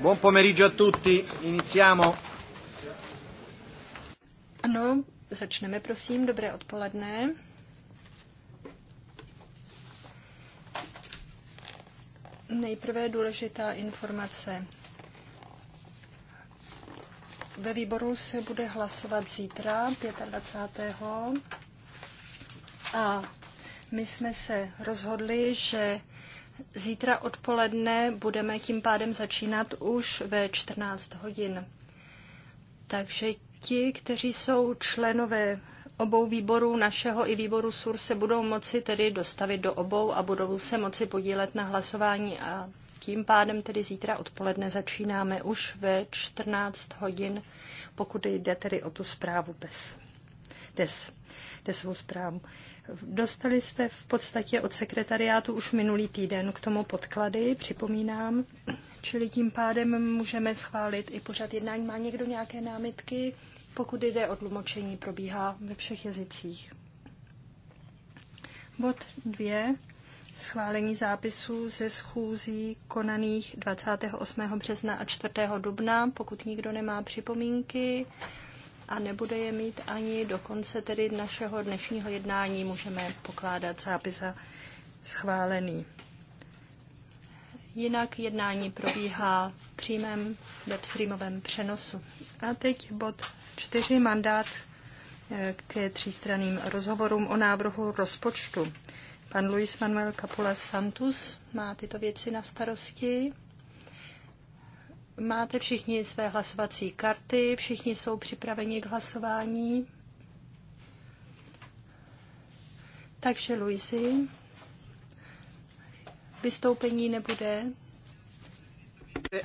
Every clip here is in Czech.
Buon pomeriggio a tutti, iniziamo. Ano, začneme prosím, dobré odpoledne. Nejprve důležitá informace. Ve výboru se bude hlasovat zítra, 25. A my jsme se rozhodli, že Zítra odpoledne budeme tím pádem začínat už ve 14 hodin. Takže ti, kteří jsou členové obou výborů, našeho i výboru SUR, se budou moci tedy dostavit do obou a budou se moci podílet na hlasování a tím pádem tedy zítra odpoledne začínáme už ve 14 hodin, pokud jde tedy o tu zprávu bez, des, desovou zprávu. Dostali jste v podstatě od sekretariátu už minulý týden k tomu podklady, připomínám, čili tím pádem můžeme schválit i pořad jednání. Má někdo nějaké námitky? Pokud jde o tlumočení, probíhá ve všech jazycích. Bod 2. Schválení zápisů ze schůzí konaných 28. března a 4. dubna. Pokud nikdo nemá připomínky, a nebude je mít ani do konce tedy našeho dnešního jednání. Můžeme pokládat zápis za schválený. Jinak jednání probíhá v přímém webstreamovém přenosu. A teď bod čtyři mandát eh, ke třístranným rozhovorům o návrhu rozpočtu. Pan Luis Manuel Capula Santos má tyto věci na starosti. Máte všichni své hlasovací karty, všichni jsou připraveni k hlasování. Takže, Luisi, vystoupení nebude.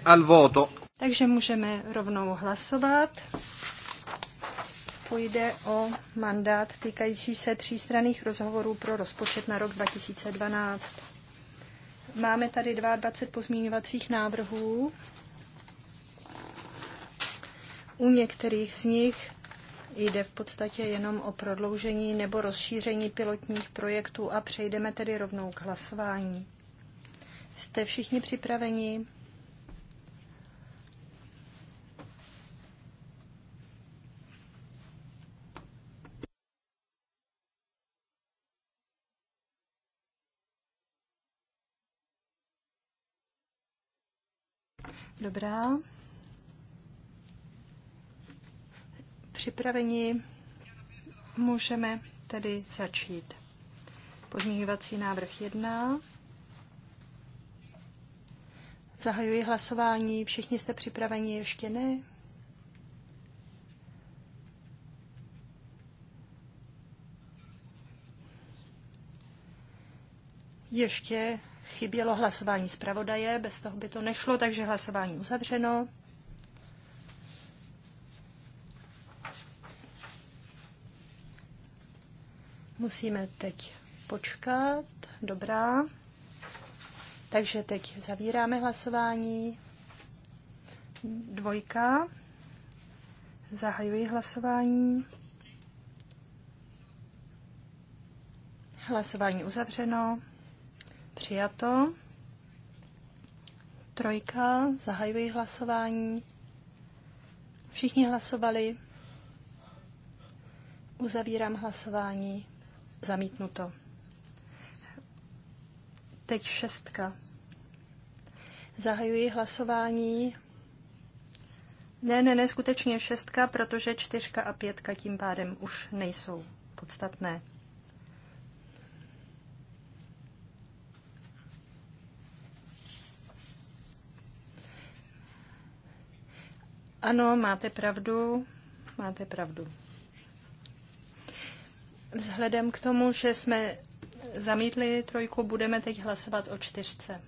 Al voto. Takže můžeme rovnou hlasovat. Půjde o mandát týkající se třístranných rozhovorů pro rozpočet na rok 2012. Máme tady 22 pozměňovacích návrhů. U některých z nich jde v podstatě jenom o prodloužení nebo rozšíření pilotních projektů a přejdeme tedy rovnou k hlasování. Jste všichni připraveni? Dobrá. Připraveni můžeme tedy začít. Pozměňovací návrh 1. Zahajuji hlasování. Všichni jste připraveni? Ještě ne? Ještě chybělo hlasování zpravodaje, bez toho by to nešlo, takže hlasování uzavřeno. Musíme teď počkat. Dobrá. Takže teď zavíráme hlasování. Dvojka. Zahajuji hlasování. Hlasování uzavřeno. Přijato. Trojka. Zahajuji hlasování. Všichni hlasovali. Uzavírám hlasování. Zamítnuto. Teď šestka. Zahajuji hlasování. Ne, ne, ne, skutečně šestka, protože čtyřka a pětka tím pádem už nejsou podstatné. Ano, máte pravdu, máte pravdu. Vzhledem k tomu, že jsme zamítli trojku, budeme teď hlasovat o čtyřce.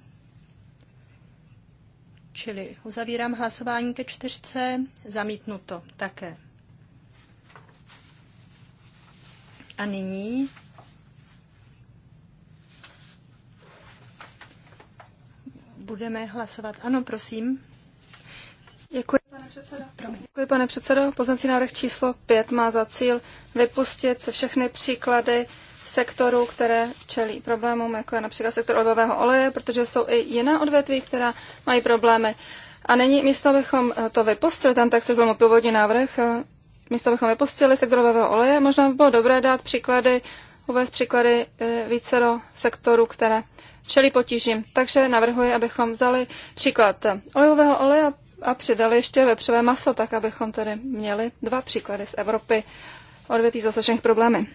Čili uzavírám hlasování ke čtyřce, zamítnuto také. A nyní budeme hlasovat. Ano, prosím. Děkuji, Děkuji, pane předsedo. Poznací návrh číslo 5 má za cíl vypustit všechny příklady sektoru, které čelí problémům, jako je například sektor olivového oleje, protože jsou i jiná odvětví, která mají problémy. A není místo, abychom eh, to vypustili, ten text což byl můj původní návrh, eh, místo, abychom vypustili sektor olivového oleje, možná by bylo dobré dát příklady, uvést příklady eh, vícero sektorů, které čelí potížím. Takže navrhuji, abychom vzali příklad olivového oleje a a přidali ještě vepřové maso, tak abychom tady měli dva příklady z Evropy odvětví zasažených problémy.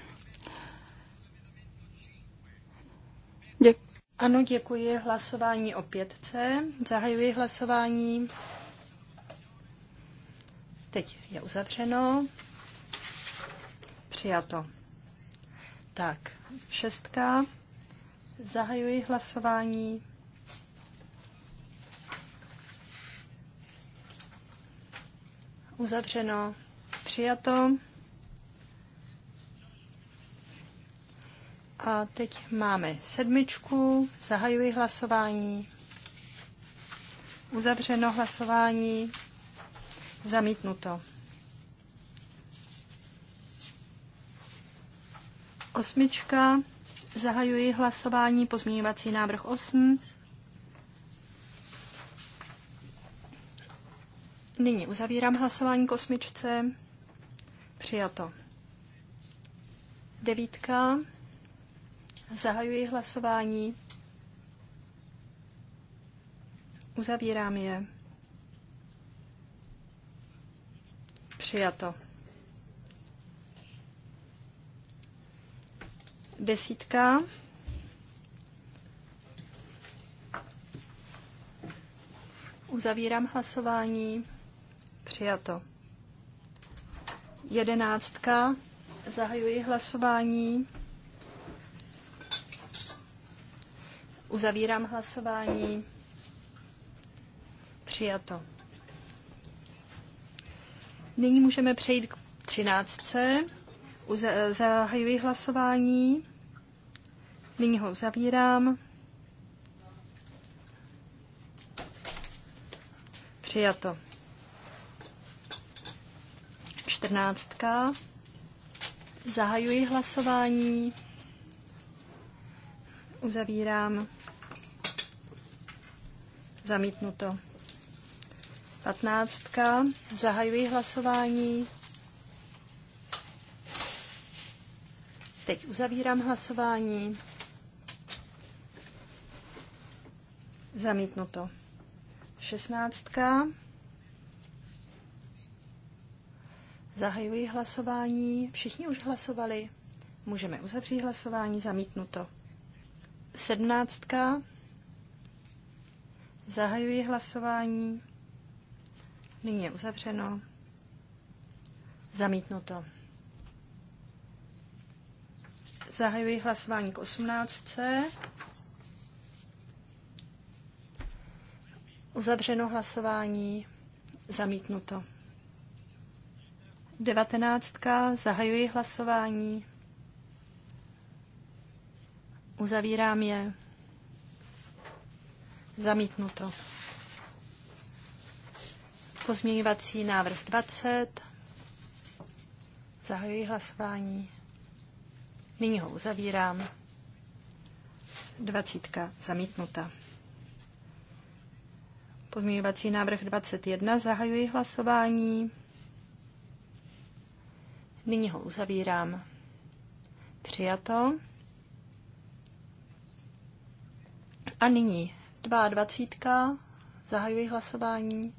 Děkuji. Ano, děkuji. Hlasování o pětce. Zahajuji hlasování. Teď je uzavřeno. Přijato. Tak, šestka. Zahajuji hlasování. Uzavřeno. Přijato. A teď máme sedmičku. Zahajuji hlasování. Uzavřeno hlasování. Zamítnuto. Osmička. Zahajuji hlasování. Pozměňovací návrh 8. Nyní uzavírám hlasování k osmičce. Přijato. Devítka. Zahajuji hlasování. Uzavírám je. Přijato. Desítka. Uzavírám hlasování. Přijato. Jedenáctka. Zahajuji hlasování. Uzavírám hlasování. Přijato. Nyní můžeme přejít k třináctce. Zahajuji hlasování. Nyní ho uzavírám. Přijato čtrnáctka. Zahajuji hlasování. Uzavírám. Zamítnuto. Patnáctka. Zahajuji hlasování. Teď uzavírám hlasování. Zamítnuto. Šestnáctka. Zahajuji hlasování. Všichni už hlasovali. Můžeme uzavřít hlasování. Zamítnuto. Sedmnáctka. Zahajuji hlasování. Nyní je uzavřeno. Zamítnuto. Zahajuji hlasování k 18. Uzavřeno hlasování. Zamítnuto. Devatenáctka, zahajuji hlasování. Uzavírám je. Zamítnuto. Pozměňovací návrh 20. Zahajuji hlasování. Nyní ho uzavírám. Dvacítka zamítnuta. Pozměňovací návrh 21. Zahajuji hlasování. Nyní ho uzavírám. Přijato. A nyní 22. Zahajuji hlasování.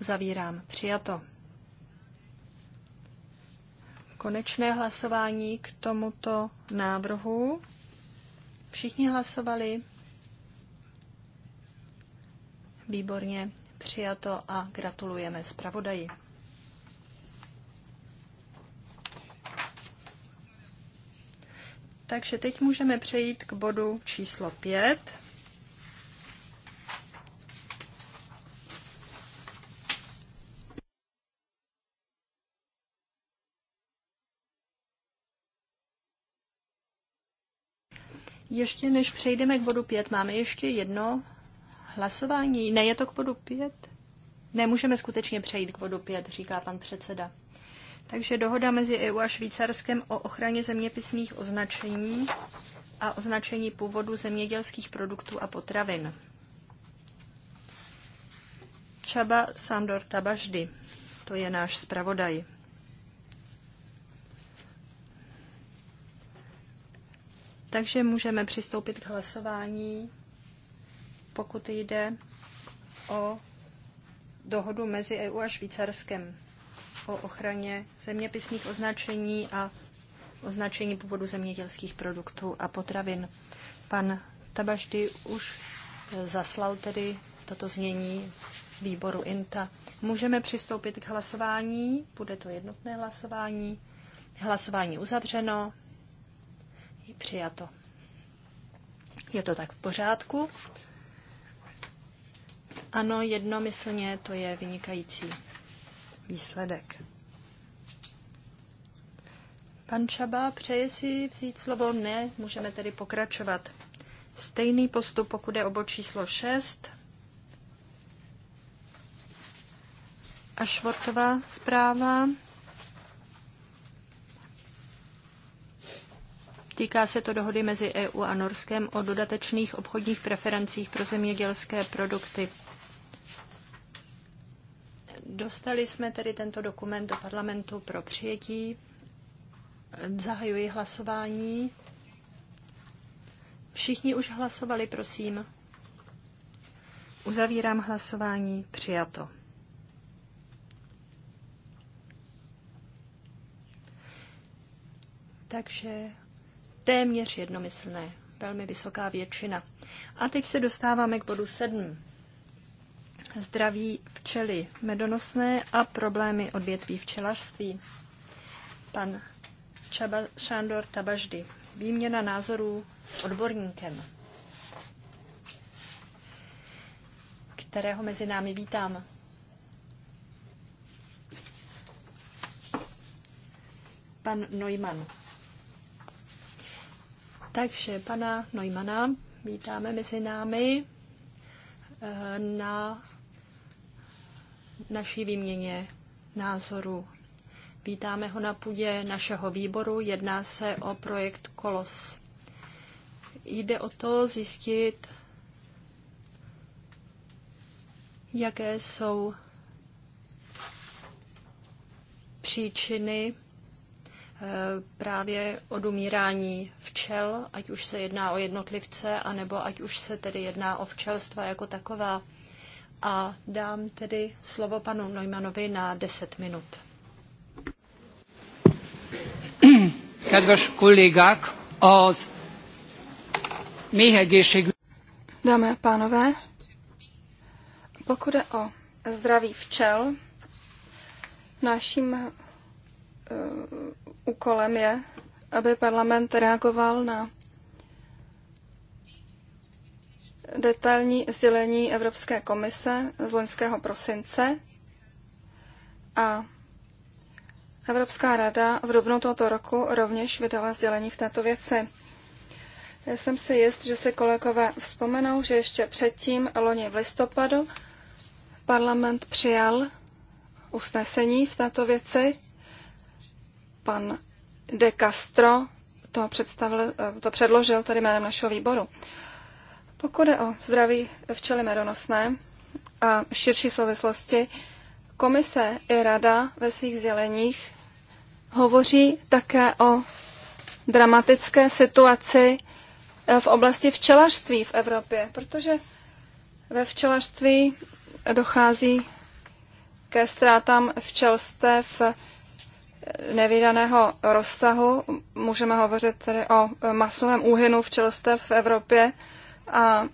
Uzavírám. Přijato. Konečné hlasování k tomuto návrhu. Všichni hlasovali. Výborně přijato a gratulujeme zpravodaji. Takže teď můžeme přejít k bodu číslo 5. Ještě než přejdeme k bodu 5, máme ještě jedno hlasování. Ne, je to k bodu 5? Nemůžeme skutečně přejít k bodu 5, říká pan předseda. Takže dohoda mezi EU a Švýcarskem o ochraně zeměpisných označení a označení původu zemědělských produktů a potravin. Čaba Sandor Tabaždy, to je náš zpravodaj. Takže můžeme přistoupit k hlasování, pokud jde o dohodu mezi EU a Švýcarskem o ochraně zeměpisných označení a označení původu zemědělských produktů a potravin. Pan Tabaždy už eh, zaslal tedy toto znění výboru INTA. Můžeme přistoupit k hlasování, bude to jednotné hlasování. Hlasování uzavřeno, je přijato. Je to tak v pořádku? Ano, jednomyslně to je vynikající výsledek. Pan Čaba přeje si vzít slovo? Ne, můžeme tedy pokračovat. Stejný postup, pokud je o bod číslo 6. A Švortová zpráva. Týká se to dohody mezi EU a Norskem o dodatečných obchodních preferencích pro zemědělské produkty. Dostali jsme tedy tento dokument do parlamentu pro přijetí. Zahajuji hlasování. Všichni už hlasovali, prosím. Uzavírám hlasování. Přijato. Takže téměř jednomyslné. Velmi vysoká většina. A teď se dostáváme k bodu 7 zdraví včely medonosné a problémy odvětví včelařství. Pan Čaba Šándor Tabaždy. Výměna názorů s odborníkem, kterého mezi námi vítám. Pan Neumann. Takže pana Neumana vítáme mezi námi eh, na naší výměně názorů. Vítáme ho na půdě našeho výboru. Jedná se o projekt Kolos. Jde o to zjistit, jaké jsou příčiny eh, právě odumírání včel, ať už se jedná o jednotlivce, anebo ať už se tedy jedná o včelstva jako taková a dám tedy slovo panu Neumannovi na 10 minut. Kedves kollégák, az méhegészségügy... Dámy a pánové, pokud je o zdraví včel, naším uh, úkolem je, aby parlament reagoval na detailní sdělení Evropské komise z loňského prosince a Evropská rada v dubnu tohoto roku rovněž vydala sdělení v této věci. Já jsem si jist, že se kolegové vzpomenou, že ještě předtím, loni v listopadu, parlament přijal usnesení v této věci. Pan De Castro to, to předložil tady jménem našeho výboru. Pokud je o zdraví včely medonosné a širší souvislosti, komise i rada ve svých sděleních hovoří také o dramatické situaci eh, v oblasti včelařství v Evropě, protože ve včelařství dochází ke ztrátám včelstev eh, nevydaného rozsahu. Můžeme hovořit tedy o eh, masovém úhynu včelstev v Evropě a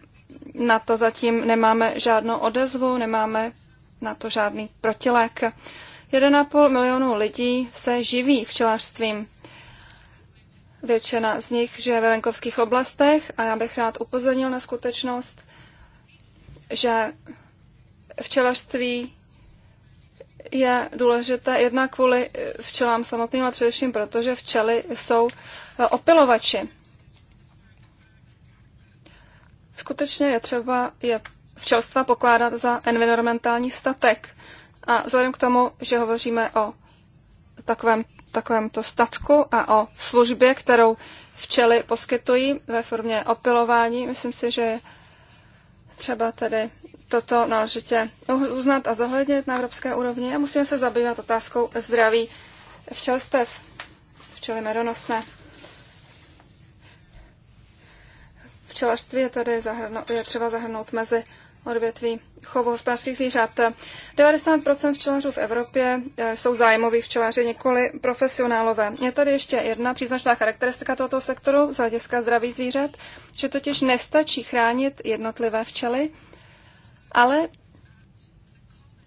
na to zatím nemáme žádnou odezvu, nemáme na to žádný protilek. 1,5 milionu lidí se živí včelařstvím. Většina z nich žije ve venkovských oblastech a já bych rád upozornil na skutečnost, že včelařství je důležité jednak kvůli včelám samotným, ale především proto, že včely jsou eh, opilovači. Skutečně je třeba je včelstva pokládat za environmentální statek. A vzhledem k tomu, že hovoříme o takovém, takovémto statku a o službě, kterou včely poskytují ve formě opilování, myslím si, že třeba tedy toto náležitě uznat a zohlednit na evropské úrovni a musíme se zabývat otázkou zdraví včelstev, včely medonosné. Včelařství je tady zahrno, je třeba zahrnout mezi odvětví chovu hospodářských zvířat. 90% včelařů v Evropě eh, jsou zájmoví včelaři, nikoli profesionálové. Je tady ještě jedna příznačná charakteristika tohoto sektoru z hlediska zdraví zvířat, že totiž nestačí chránit jednotlivé včely, ale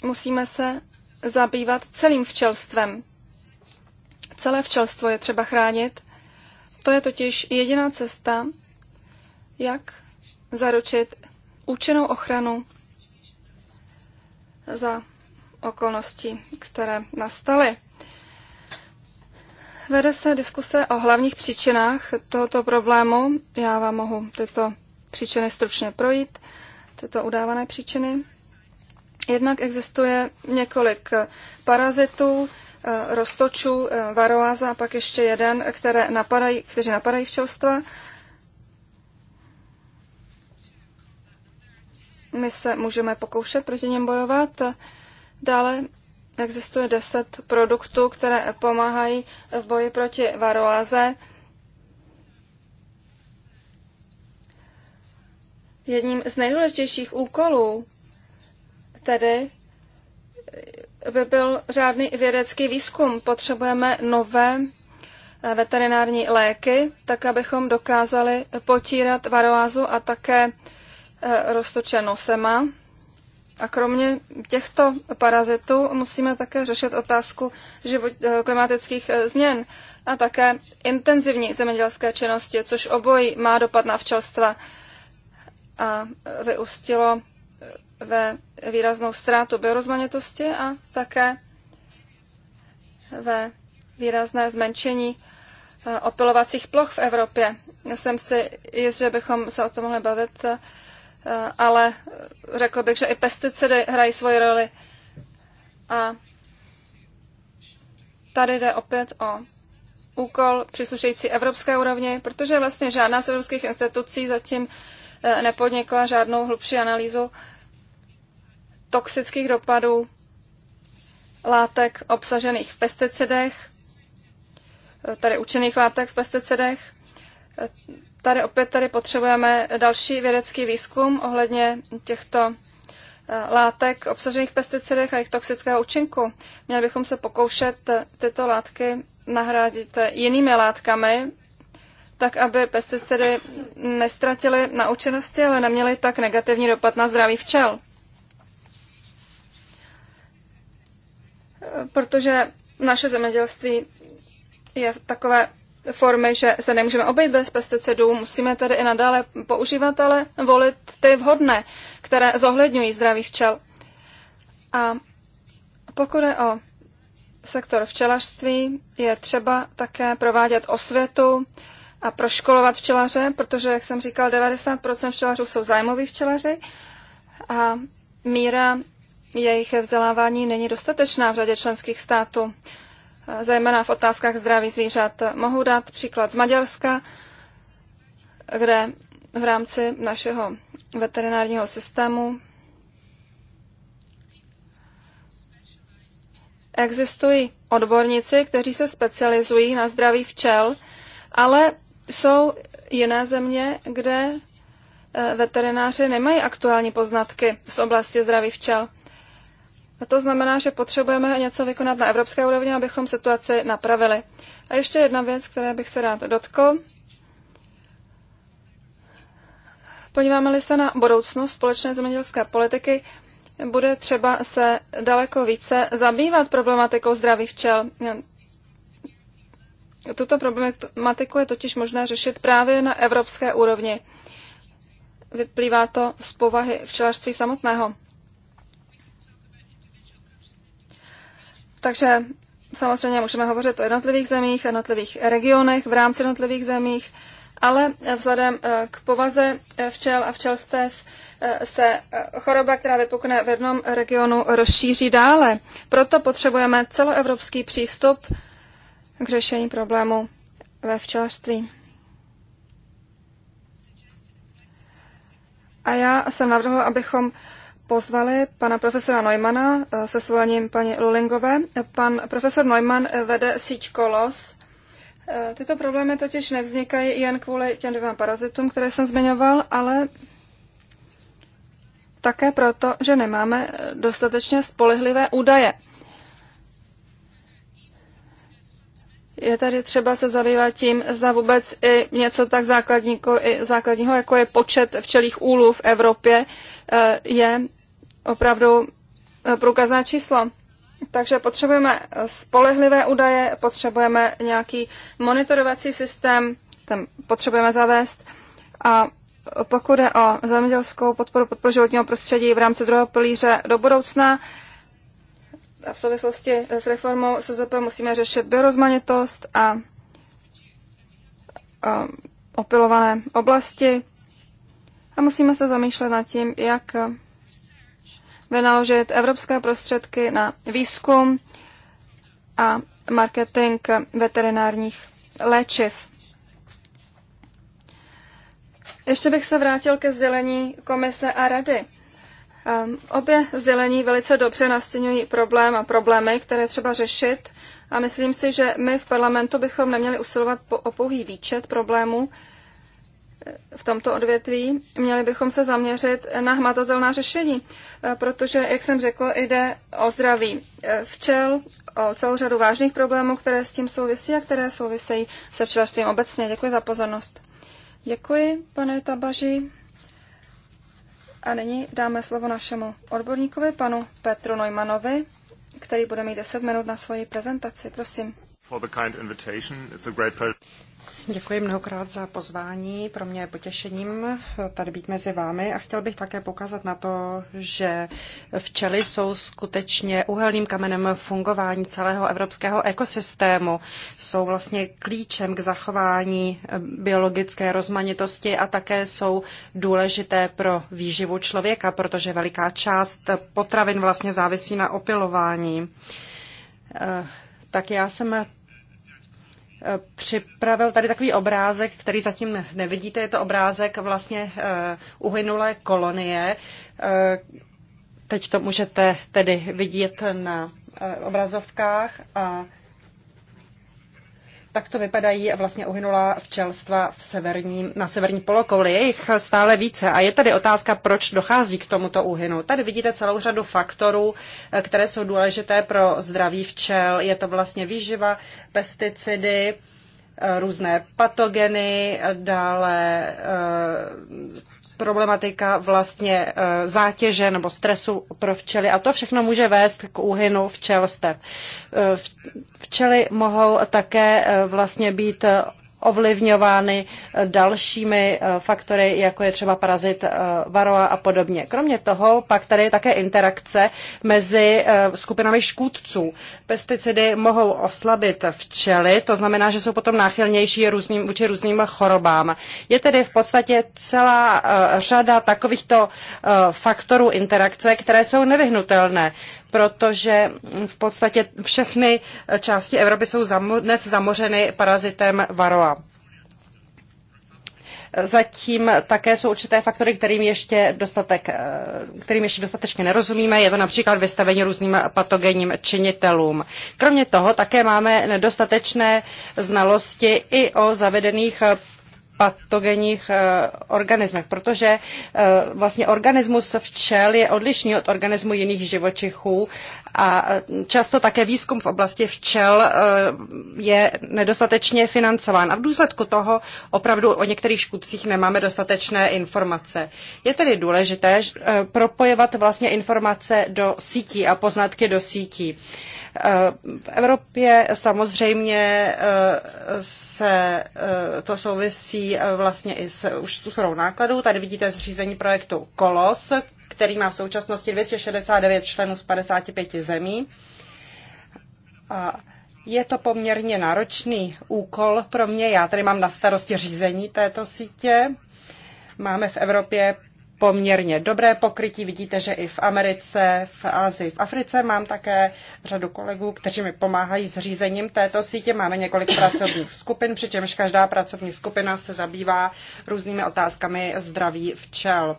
musíme se zabývat celým včelstvem. Celé včelstvo je třeba chránit. To je totiž jediná cesta, jak zaručit účinnou ochranu za okolnosti, které nastaly. Vede se diskuse o hlavních příčinách tohoto problému. Já vám mohu tyto příčiny stručně projít, tyto udávané příčiny. Jednak existuje několik parazitů, eh, roztočů, eh, varoáza a pak ještě jeden, které napadají, kteří napadají včelstva My se můžeme pokoušet proti něm bojovat. Dále existuje deset produktů, které pomáhají v boji proti varoáze. Jedním z nejdůležitějších úkolů tedy by byl řádný vědecký výzkum. Potřebujeme nové eh, veterinární léky, tak abychom dokázali potírat varoázu a také E, roztočeno sema. A kromě těchto parazitů musíme také řešit otázku život, e, klimatických e, změn a také intenzivní zemědělské činnosti, což obojí má dopad na včelstva a vyústilo ve výraznou ztrátu biorozmanitosti a také ve výrazné zmenšení opilovacích ploch v Evropě. Já Jsem si jist, že bychom se o tom mohli bavit Eh, ale řekl bych, že i pesticidy hrají svoji roli. A tady jde opět o úkol příslušející evropské úrovni, protože vlastně žádná z evropských institucí zatím eh, nepodnikla žádnou hlubší analýzu toxických dopadů látek obsažených v pesticidech, eh, tady účinných látek v pesticidech tady opět tady potřebujeme další vědecký výzkum ohledně těchto eh, látek obsažených v pesticidech a jejich toxického účinku. Měli bychom se pokoušet tyto látky nahradit jinými látkami, tak aby pesticidy nestratily na účinnosti, ale neměly tak negativní dopad na zdraví včel. Eh, protože naše zemědělství je takové formy, že se nemůžeme obejít bez pesticidů, musíme tedy i nadále používat, ale volit ty vhodné, které zohledňují zdraví včel. A pokud je o sektor včelařství, je třeba také provádět osvětu a proškolovat včelaře, protože, jak jsem říkal, 90% včelařů jsou zájmoví včelaři a míra jejich vzdělávání není dostatečná v řadě členských států zejména v otázkách zdraví zvířat. Mohu dát příklad z Maďarska, kde v rámci našeho veterinárního systému existují odborníci, kteří se specializují na zdraví včel, ale jsou jiné země, kde eh, veterináři nemají aktuální poznatky z oblasti zdraví včel. A to znamená, že potřebujeme něco vykonat na evropské úrovni, abychom situaci napravili. A ještě jedna věc, které bych se rád dotkl. Podíváme-li se na budoucnost společné zemědělské politiky, bude třeba se daleko více zabývat problematikou zdraví včel. Tuto problematiku je totiž možné řešit právě na evropské úrovni. Vyplývá to z povahy včelařství samotného. Takže samozřejmě můžeme hovořit o jednotlivých zemích, jednotlivých regionech, v rámci jednotlivých zemích, ale vzhledem eh, k povaze eh, včel a včelstev eh, se choroba, která vypukne v jednom regionu, rozšíří dále. Proto potřebujeme celoevropský přístup k řešení problému ve včelařství. A já jsem navrhl, abychom pozvali pana profesora Neumana eh, se svolením paní Lulingové. Pan profesor Neumann eh, vede síť Kolos. Eh, tyto problémy totiž nevznikají jen kvůli těm dvěma parazitům, které jsem zmiňoval, ale také proto, že nemáme dostatečně spolehlivé údaje. Je tady třeba se zabývat tím, zda vůbec i něco tak základního, jako je počet včelých úlů v Evropě, eh, je opravdu eh, průkazné číslo. Takže potřebujeme spolehlivé údaje, potřebujeme nějaký monitorovací systém, tam potřebujeme zavést. A pokud je o zemědělskou podporu, podporu životního prostředí v rámci druhého pilíře do budoucna, v souvislosti s reformou SZP musíme řešit biorozmanitost a opilované oblasti a musíme se zamýšlet nad tím, jak vynaložit evropské prostředky na výzkum a marketing veterinárních léčiv. Ještě bych se vrátil ke sdělení komise a rady. Ehm, obě zelení velice dobře nastěňují problém a problémy, které třeba řešit a myslím si, že my v parlamentu bychom neměli usilovat o pouhý výčet problémů eh, v tomto odvětví. Měli bychom se zaměřit na hmatatelná řešení, eh, protože, jak jsem řekl, jde o zdraví eh, včel, o celou řadu vážných problémů, které s tím souvisí a které souvisejí se včelařstvím obecně. Děkuji za pozornost. Děkuji, pane Tabaži. A nyní dáme slovo našemu odborníkovi, panu Petru Neumannovi, který bude mít 10 minut na svoji prezentaci. Prosím. Děkuji mnohokrát za pozvání. Pro mě je potěšením tady být mezi vámi a chtěl bych také pokázat na to, že včely jsou skutečně uhelným kamenem fungování celého evropského ekosystému. Jsou vlastně klíčem k zachování biologické rozmanitosti a také jsou důležité pro výživu člověka, protože veliká část potravin vlastně závisí na opilování. Eh, tak já jsem připravil tady takový obrázek, který zatím nevidíte. Je to obrázek vlastně eh, uhynulé kolonie. Eh, teď to můžete tedy vidět na eh, obrazovkách a Takto vypadají vlastně uhynulá včelstva v severní, na severní polokouli. Je jich stále více. A je tady otázka, proč dochází k tomuto úhynu. Tady vidíte celou řadu faktorů, eh, které jsou důležité pro zdraví včel. Je to vlastně výživa, pesticidy, eh, různé patogeny, dále eh, problematika vlastně eh, zátěže nebo stresu pro včely a to všechno může vést k úhynu včelstev. Eh, včely mohou také eh, vlastně být ovlivňovány eh, dalšími eh, faktory, jako je třeba parazit eh, varoa a podobně. Kromě toho pak tady je také interakce mezi skupinami škůdců. Pesticidy mohou oslabit včely, to znamená, že jsou potom náchylnější různým, vůči různým chorobám. Je tedy v podstatě celá řada takovýchto faktorů interakce, které jsou nevyhnutelné protože v podstatě všechny části Evropy jsou dnes zamořeny parazitem varoa. Zatím také jsou určité faktory, kterým ještě, dostatek, eh, kterým ještě dostatečně nerozumíme. Je to například vystavení různým patogenním činitelům. Kromě toho také máme nedostatečné znalosti i o zavedených patogenních eh, organismech, protože eh, vlastně organismus včel je odlišný od organismu jiných živočichů a eh, často také výzkum v oblasti včel je nedostatečně financován a v důsledku toho opravdu o některých škůdcích nemáme dostatečné informace. Je tedy důležité propojovat vlastně informace do sítí a poznatky do sítí. V Evropě samozřejmě eh, se eh, to souvisí eh, vlastně i s už strukturou nákladů. Tady vidíte zřízení projektu Kolos, který má v současnosti 269 členů z 55 zemí. A je to poměrně náročný úkol pro mě. Já tady mám na starosti řízení této sítě. Máme v Evropě poměrně dobré pokrytí. Vidíte, že i v Americe, v Asii, v Africe mám také řadu kolegů, kteří mi pomáhají s řízením této sítě. Máme několik pracovních skupin, přičemž každá pracovní skupina se zabývá různými otázkami zdraví včel.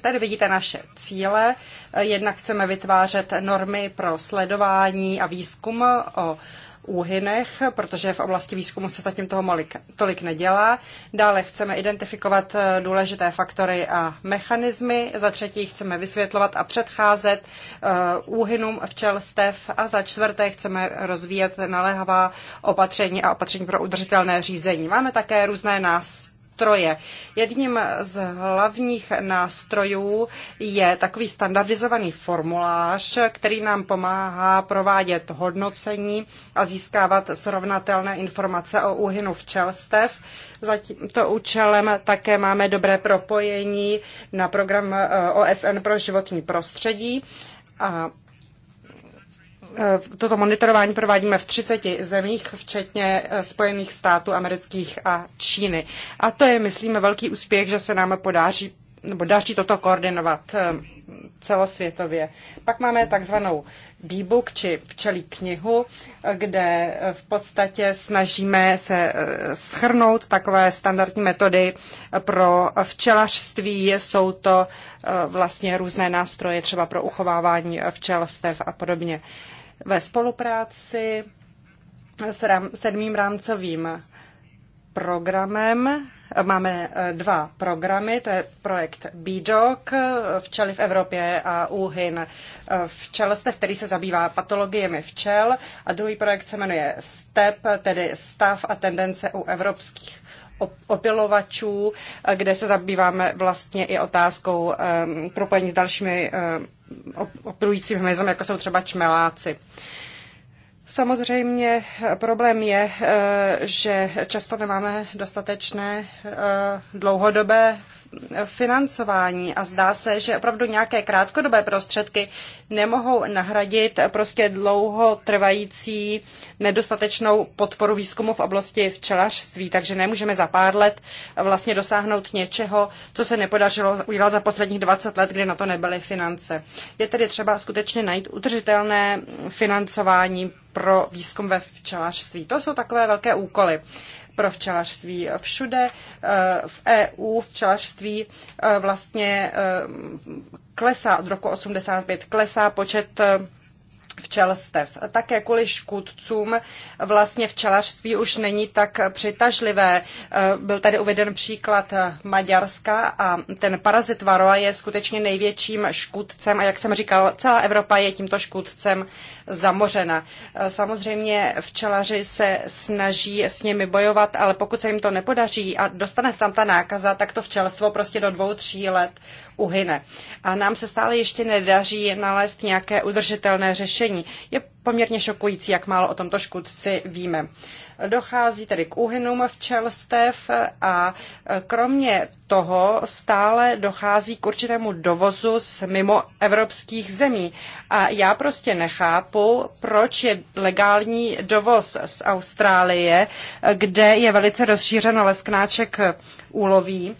Tady vidíte naše cíle. Jednak chceme vytvářet normy pro sledování a výzkum o úhynech, protože v oblasti výzkumu se zatím toho malik, tolik nedělá. Dále chceme identifikovat eh, důležité faktory a mechanismy. Za třetí chceme vysvětlovat a předcházet eh, úhynům včelstev. A za čtvrté chceme rozvíjet naléhavá opatření a opatření pro udržitelné řízení. Máme také různé nástroje nástroje. Jedním z hlavních nástrojů je takový standardizovaný formulář, který nám pomáhá provádět hodnocení a získávat srovnatelné informace o úhynu včelstev. Za tímto účelem také máme dobré propojení na program eh, OSN pro životní prostředí. A Eh, toto monitorování provádíme v 30 zemích, včetně eh, Spojených států amerických a Číny. A to je, myslíme, velký úspěch, že se nám podaří nebo daří toto koordinovat eh, celosvětově. Pak máme takzvanou bíbuk či včelí knihu, kde v podstatě snažíme se schrnout takové standardní metody pro včelařství. Jsou to vlastně různé nástroje třeba pro uchovávání včelstev a podobně ve spolupráci s rám, sedmým rámcovým programem. Máme eh, dva programy, to je projekt BDOC, eh, včely v Evropě a úhyn eh, čelstech, který se zabývá patologiemi včel. A druhý projekt se jmenuje STEP, tedy stav a tendence u evropských opilovačů, eh, kde se zabýváme vlastně i otázkou ehm, propojení s dalšími ehm, opilujícími hmyzem, jako jsou třeba čmeláci. Samozřejmě eh, problém je, eh, že často nemáme dostatečné dlouhodobé financování a zdá se, že opravdu nějaké krátkodobé prostředky nemohou nahradit prostě dlouho trvající nedostatečnou podporu výzkumu v oblasti včelařství, takže nemůžeme za pár let vlastně dosáhnout něčeho, co se nepodařilo udělat za posledních 20 let, kdy na to nebyly finance. Je tedy třeba skutečně najít udržitelné financování pro výzkum ve včelařství. To jsou takové velké úkoly pro včelařství. Všude eh, v EU včelařství eh, vlastně eh, klesá od roku 85, klesá počet včelstev. Také kvůli škůdcům vlastně včelařství už není tak přitažlivé. Eh, byl tady uveden příklad Maďarska a ten parazit varoa je skutečně největším škůdcem a jak jsem říkal, celá Evropa je tímto škůdcem zamořena. Eh, samozřejmě včelaři se snaží s nimi bojovat, ale pokud se jim to nepodaří a dostane se tam ta nákaza, tak to včelstvo prostě do dvou, tří let uhyne. A nám se stále ještě nedaří nalézt nějaké udržitelné řešení. Je poměrně šokující, jak málo o tomto škůdci víme. Dochází tedy k úhynům včelstev a e, kromě toho stále dochází k určitému dovozu z mimo evropských zemí. A já prostě nechápu, proč je legální dovoz z Austrálie, e, kde je velice rozšířen lesknáček úloví,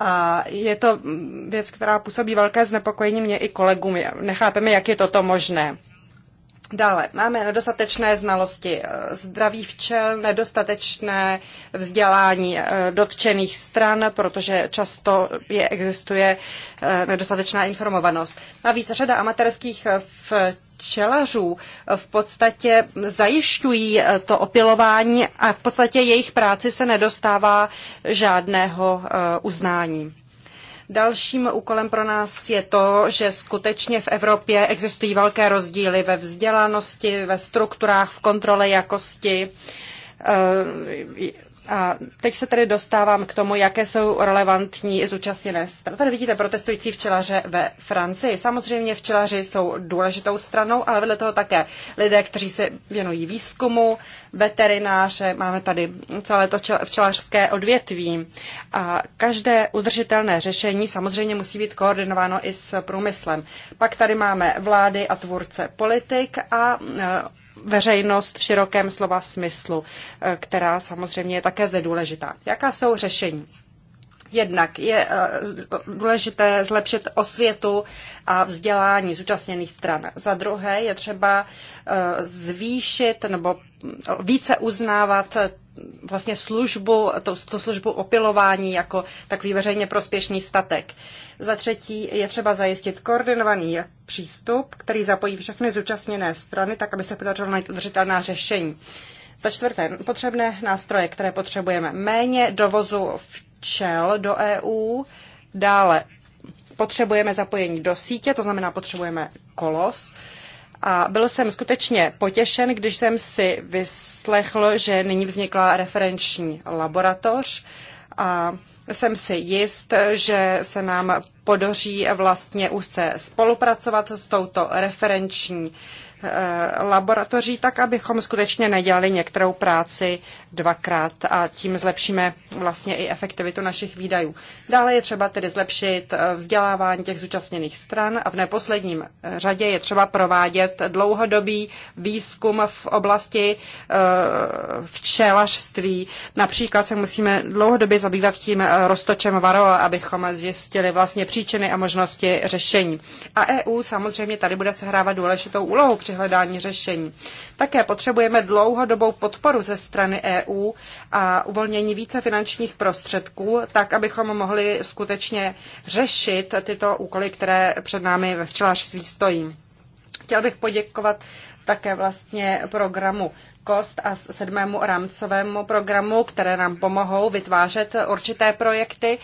a je to věc, která působí velké znepokojení mě i kolegům. Nechápeme, jak je toto možné. Dále máme nedostatečné znalosti eh, zdraví včel, nedostatečné vzdělání eh, dotčených stran, protože často je, existuje eh, nedostatečná informovanost. Navíc řada amatérských včelařů v podstatě zajišťují eh, to opilování a v podstatě jejich práci se nedostává žádného eh, uznání. Dalším úkolem pro nás je to, že skutečně v Evropě existují velké rozdíly ve vzdělanosti, ve strukturách, v kontrole jakosti eh, a teď se tedy dostávám k tomu, jaké jsou relevantní zúčastněné strany. Tady vidíte protestující včelaře ve Francii. Samozřejmě včelaři jsou důležitou stranou, ale vedle toho také lidé, kteří se věnují výzkumu, veterináře, máme tady celé to včelařské odvětví. A každé udržitelné řešení samozřejmě musí být koordinováno i s průmyslem. Pak tady máme vlády a tvůrce politik a e, veřejnost v širokém slova smyslu, eh, která samozřejmě je také zde důležitá. Jaká jsou řešení? Jednak je eh, důležité zlepšit osvětu a vzdělání zúčastněných stran. Za druhé je třeba eh, zvýšit nebo více uznávat vlastně službu, to, to službu opilování jako takový veřejně prospěšný statek. Za třetí je třeba zajistit koordinovaný přístup, který zapojí všechny zúčastněné strany, tak aby se podařilo najít udržitelná řešení. Za čtvrté, potřebné nástroje, které potřebujeme. Méně dovozu včel do EU, dále potřebujeme zapojení do sítě, to znamená potřebujeme kolos, a byl jsem skutečně potěšen, když jsem si vyslechl, že nyní vznikla referenční laboratoř a jsem si jist, že se nám podaří vlastně úzce spolupracovat s touto referenční Eh, laboratoří, tak abychom skutečně nedělali některou práci dvakrát a tím zlepšíme vlastně i efektivitu našich výdajů. Dále je třeba tedy zlepšit eh, vzdělávání těch zúčastněných stran a v neposledním řadě je třeba provádět dlouhodobý výzkum v oblasti eh, včelařství. Například se musíme dlouhodobě zabývat tím roztočem varoa, abychom zjistili vlastně příčiny a možnosti řešení. A EU samozřejmě tady bude sehrávat důležitou úlohu při hledání řešení. Také potřebujeme dlouhodobou podporu ze strany EU a uvolnění více finančních prostředků, tak abychom mohli skutečně řešit tyto úkoly, které před námi ve včelařství stojí. Chtěl bych poděkovat také vlastně programu KOST a sedmému rámcovému programu, které nám pomohou vytvářet určité projekty.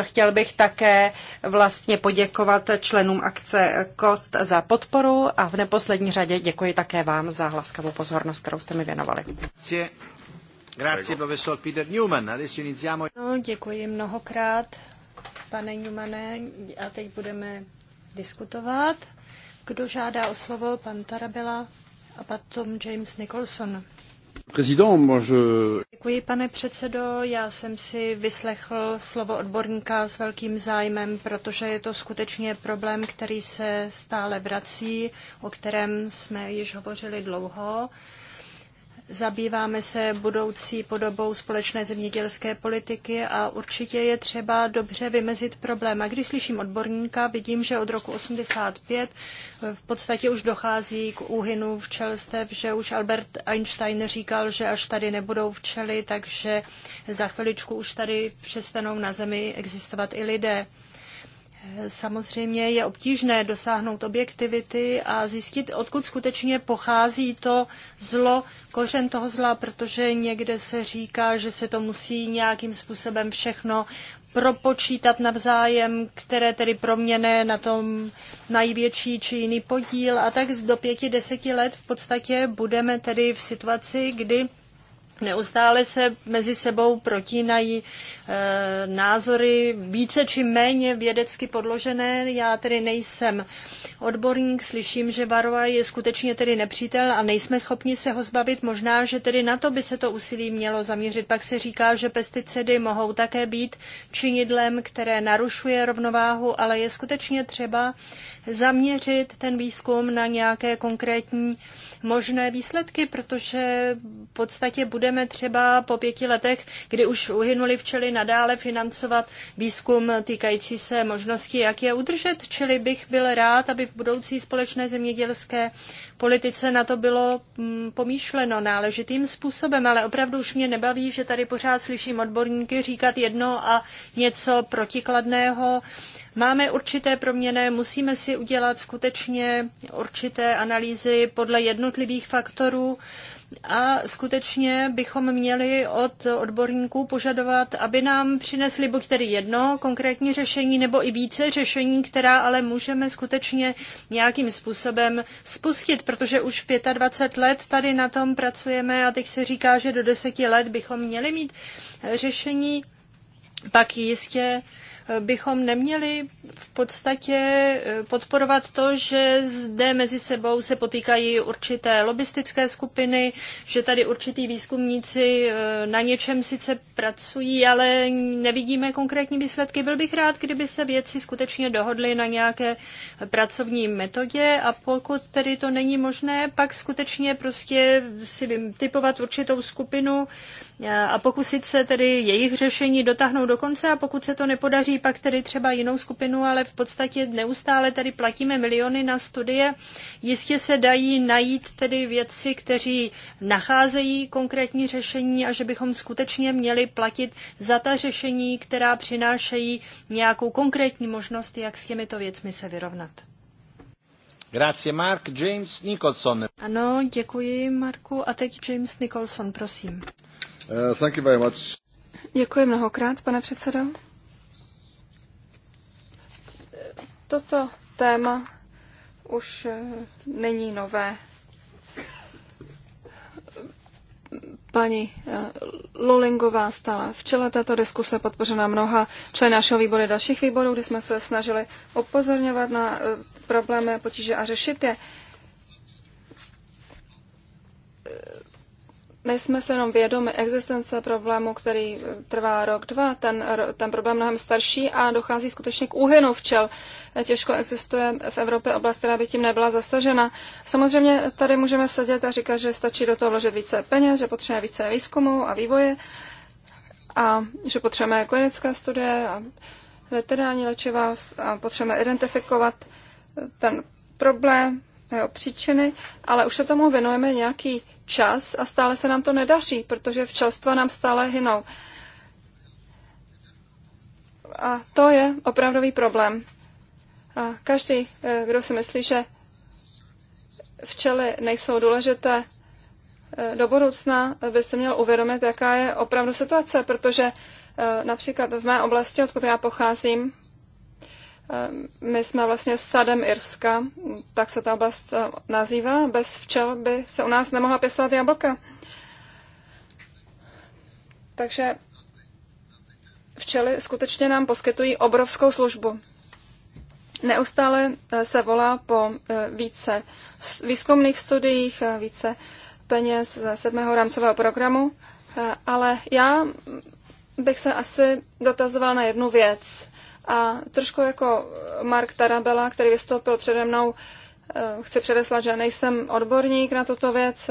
Chtěl bych také vlastně poděkovat členům akce KOST za podporu a v neposlední řadě děkuji také vám za hlaskavou pozornost, kterou jste mi věnovali. Grazie, profesor Peter Newman. Adesso iniziamo... No, děkuji mnohokrát, pane Newmane, a teď budeme diskutovat. Kdo žádá o slovo? Pan Tarabela a potom James Nicholson. Děkuji, pane předsedo. Já jsem si vyslechl slovo odborníka s velkým zájmem, protože je to skutečně problém, který se stále vrací, o kterém jsme již hovořili dlouho. Zabýváme se budoucí podobou společné zemědělské politiky a určitě je třeba dobře vymezit problém. A když slyším odborníka, vidím, že od roku 85 eh, v podstatě už dochází k úhynu včelstev, že už Albert Einstein říkal, že až tady nebudou včely, takže za chviličku už tady přestanou na Zemi existovat i lidé. Samozřejmě je obtížné dosáhnout objektivity a zjistit, odkud skutečně pochází to zlo, kořen toho zla, protože někde se říká, že se to musí nějakým způsobem všechno propočítat navzájem, které tedy proměny na tom největší či jiný podíl. A tak do pěti, deseti let v podstatě budeme tedy v situaci, kdy neustále se mezi sebou protínají eh, názory více či méně vědecky podložené. Já tedy nejsem odborník, slyším, že Varova je skutečně tedy nepřítel a nejsme schopni se ho zbavit. Možná, že tedy na to by se to úsilí mělo zaměřit. Pak se říká, že pesticidy mohou také být činidlem, které narušuje rovnováhu, ale je skutečně třeba zaměřit ten výzkum na nějaké konkrétní možné výsledky, protože v podstatě budeme budeme třeba po pěti letech, kdy už uhynuli včely, nadále financovat výzkum týkající se možnosti, jak je udržet. Čili bych byl rád, aby v budoucí společné zemědělské politice na to bylo mm, pomýšleno náležitým způsobem, ale opravdu už mě nebaví, že tady pořád slyším odborníky říkat jedno a něco protikladného. Máme určité proměny, musíme si udělat skutečně určité analýzy podle jednotlivých faktorů a skutečně bychom měli od odborníků požadovat, aby nám přinesli buď tedy jedno konkrétní řešení nebo i více řešení, která ale můžeme skutečně nějakým způsobem spustit, protože už 25 let tady na tom pracujeme a teď se říká, že do deseti let bychom měli mít řešení, pak jistě bychom neměli v podstatě eh, podporovat to, že zde mezi sebou se potýkají určité lobistické skupiny, že tady určitý výzkumníci eh, na něčem sice pracují, ale nevidíme konkrétní výsledky. Byl bych rád, kdyby se věci skutečně dohodly na nějaké pracovní metodě a pokud tedy to není možné, pak skutečně prostě si typovat určitou skupinu eh, a pokusit se tedy jejich řešení dotáhnout do konce a pokud se to nepodaří, pak tedy třeba jinou skupinu, ale v podstatě neustále tady platíme miliony na studie. Jistě se dají najít tedy vědci, kteří nacházejí konkrétní řešení a že bychom skutečně měli platit za ta řešení, která přinášejí nějakou konkrétní možnost, jak s těmito věcmi se vyrovnat. Grazie Mark, James Nicholson. Ano, děkuji Marku. A teď James Nicholson, prosím. Uh, thank you very much. Děkuji mnohokrát, pane předsedo. Toto téma už eh, není nové. Paní eh, Lulingová stala v čele této diskuse, podpořena mnoha členy našeho výboru dalších výborů, kdy jsme se snažili upozorňovat na eh, problémy, potíže a řešit je nejsme se jenom vědomi existence problému, který eh, trvá rok, dva, ten, eh, ten problém mnohem starší a dochází skutečně k úhynu včel. Eh, Těžko existuje v Evropě oblast, která by tím nebyla zasažena. Samozřejmě tady můžeme sedět a říkat, že stačí do toho vložit více peněz, že potřebujeme více výzkumu a vývoje a že potřebujeme klinické studie a veterinární léčiva a potřebujeme identifikovat ten problém, jo, příčiny, ale už se tomu věnujeme nějaký čas a stále se nám to nedaří, protože včelstva nám stále hynou. A to je opravdový problém. A každý, eh, kdo si myslí, že včely nejsou důležité eh, do budoucna, by se měl uvědomit, jaká je opravdu situace, protože eh, například v mé oblasti, odkud já pocházím, Ehm, my jsme vlastně sadem Irska, tak se ta oblast eh, nazývá. Bez včel by se u nás nemohla pěstovat jablka. Takže včely skutečně nám poskytují obrovskou službu. Neustále eh, se volá po eh, více výzkumných studiích, více peněz ze sedmého rámcového programu, ale já bych se asi dotazovala na jednu věc. A trošku jako Mark Tarabela, který vystoupil přede mnou, eh, chci předeslat, že nejsem odborník na tuto věc,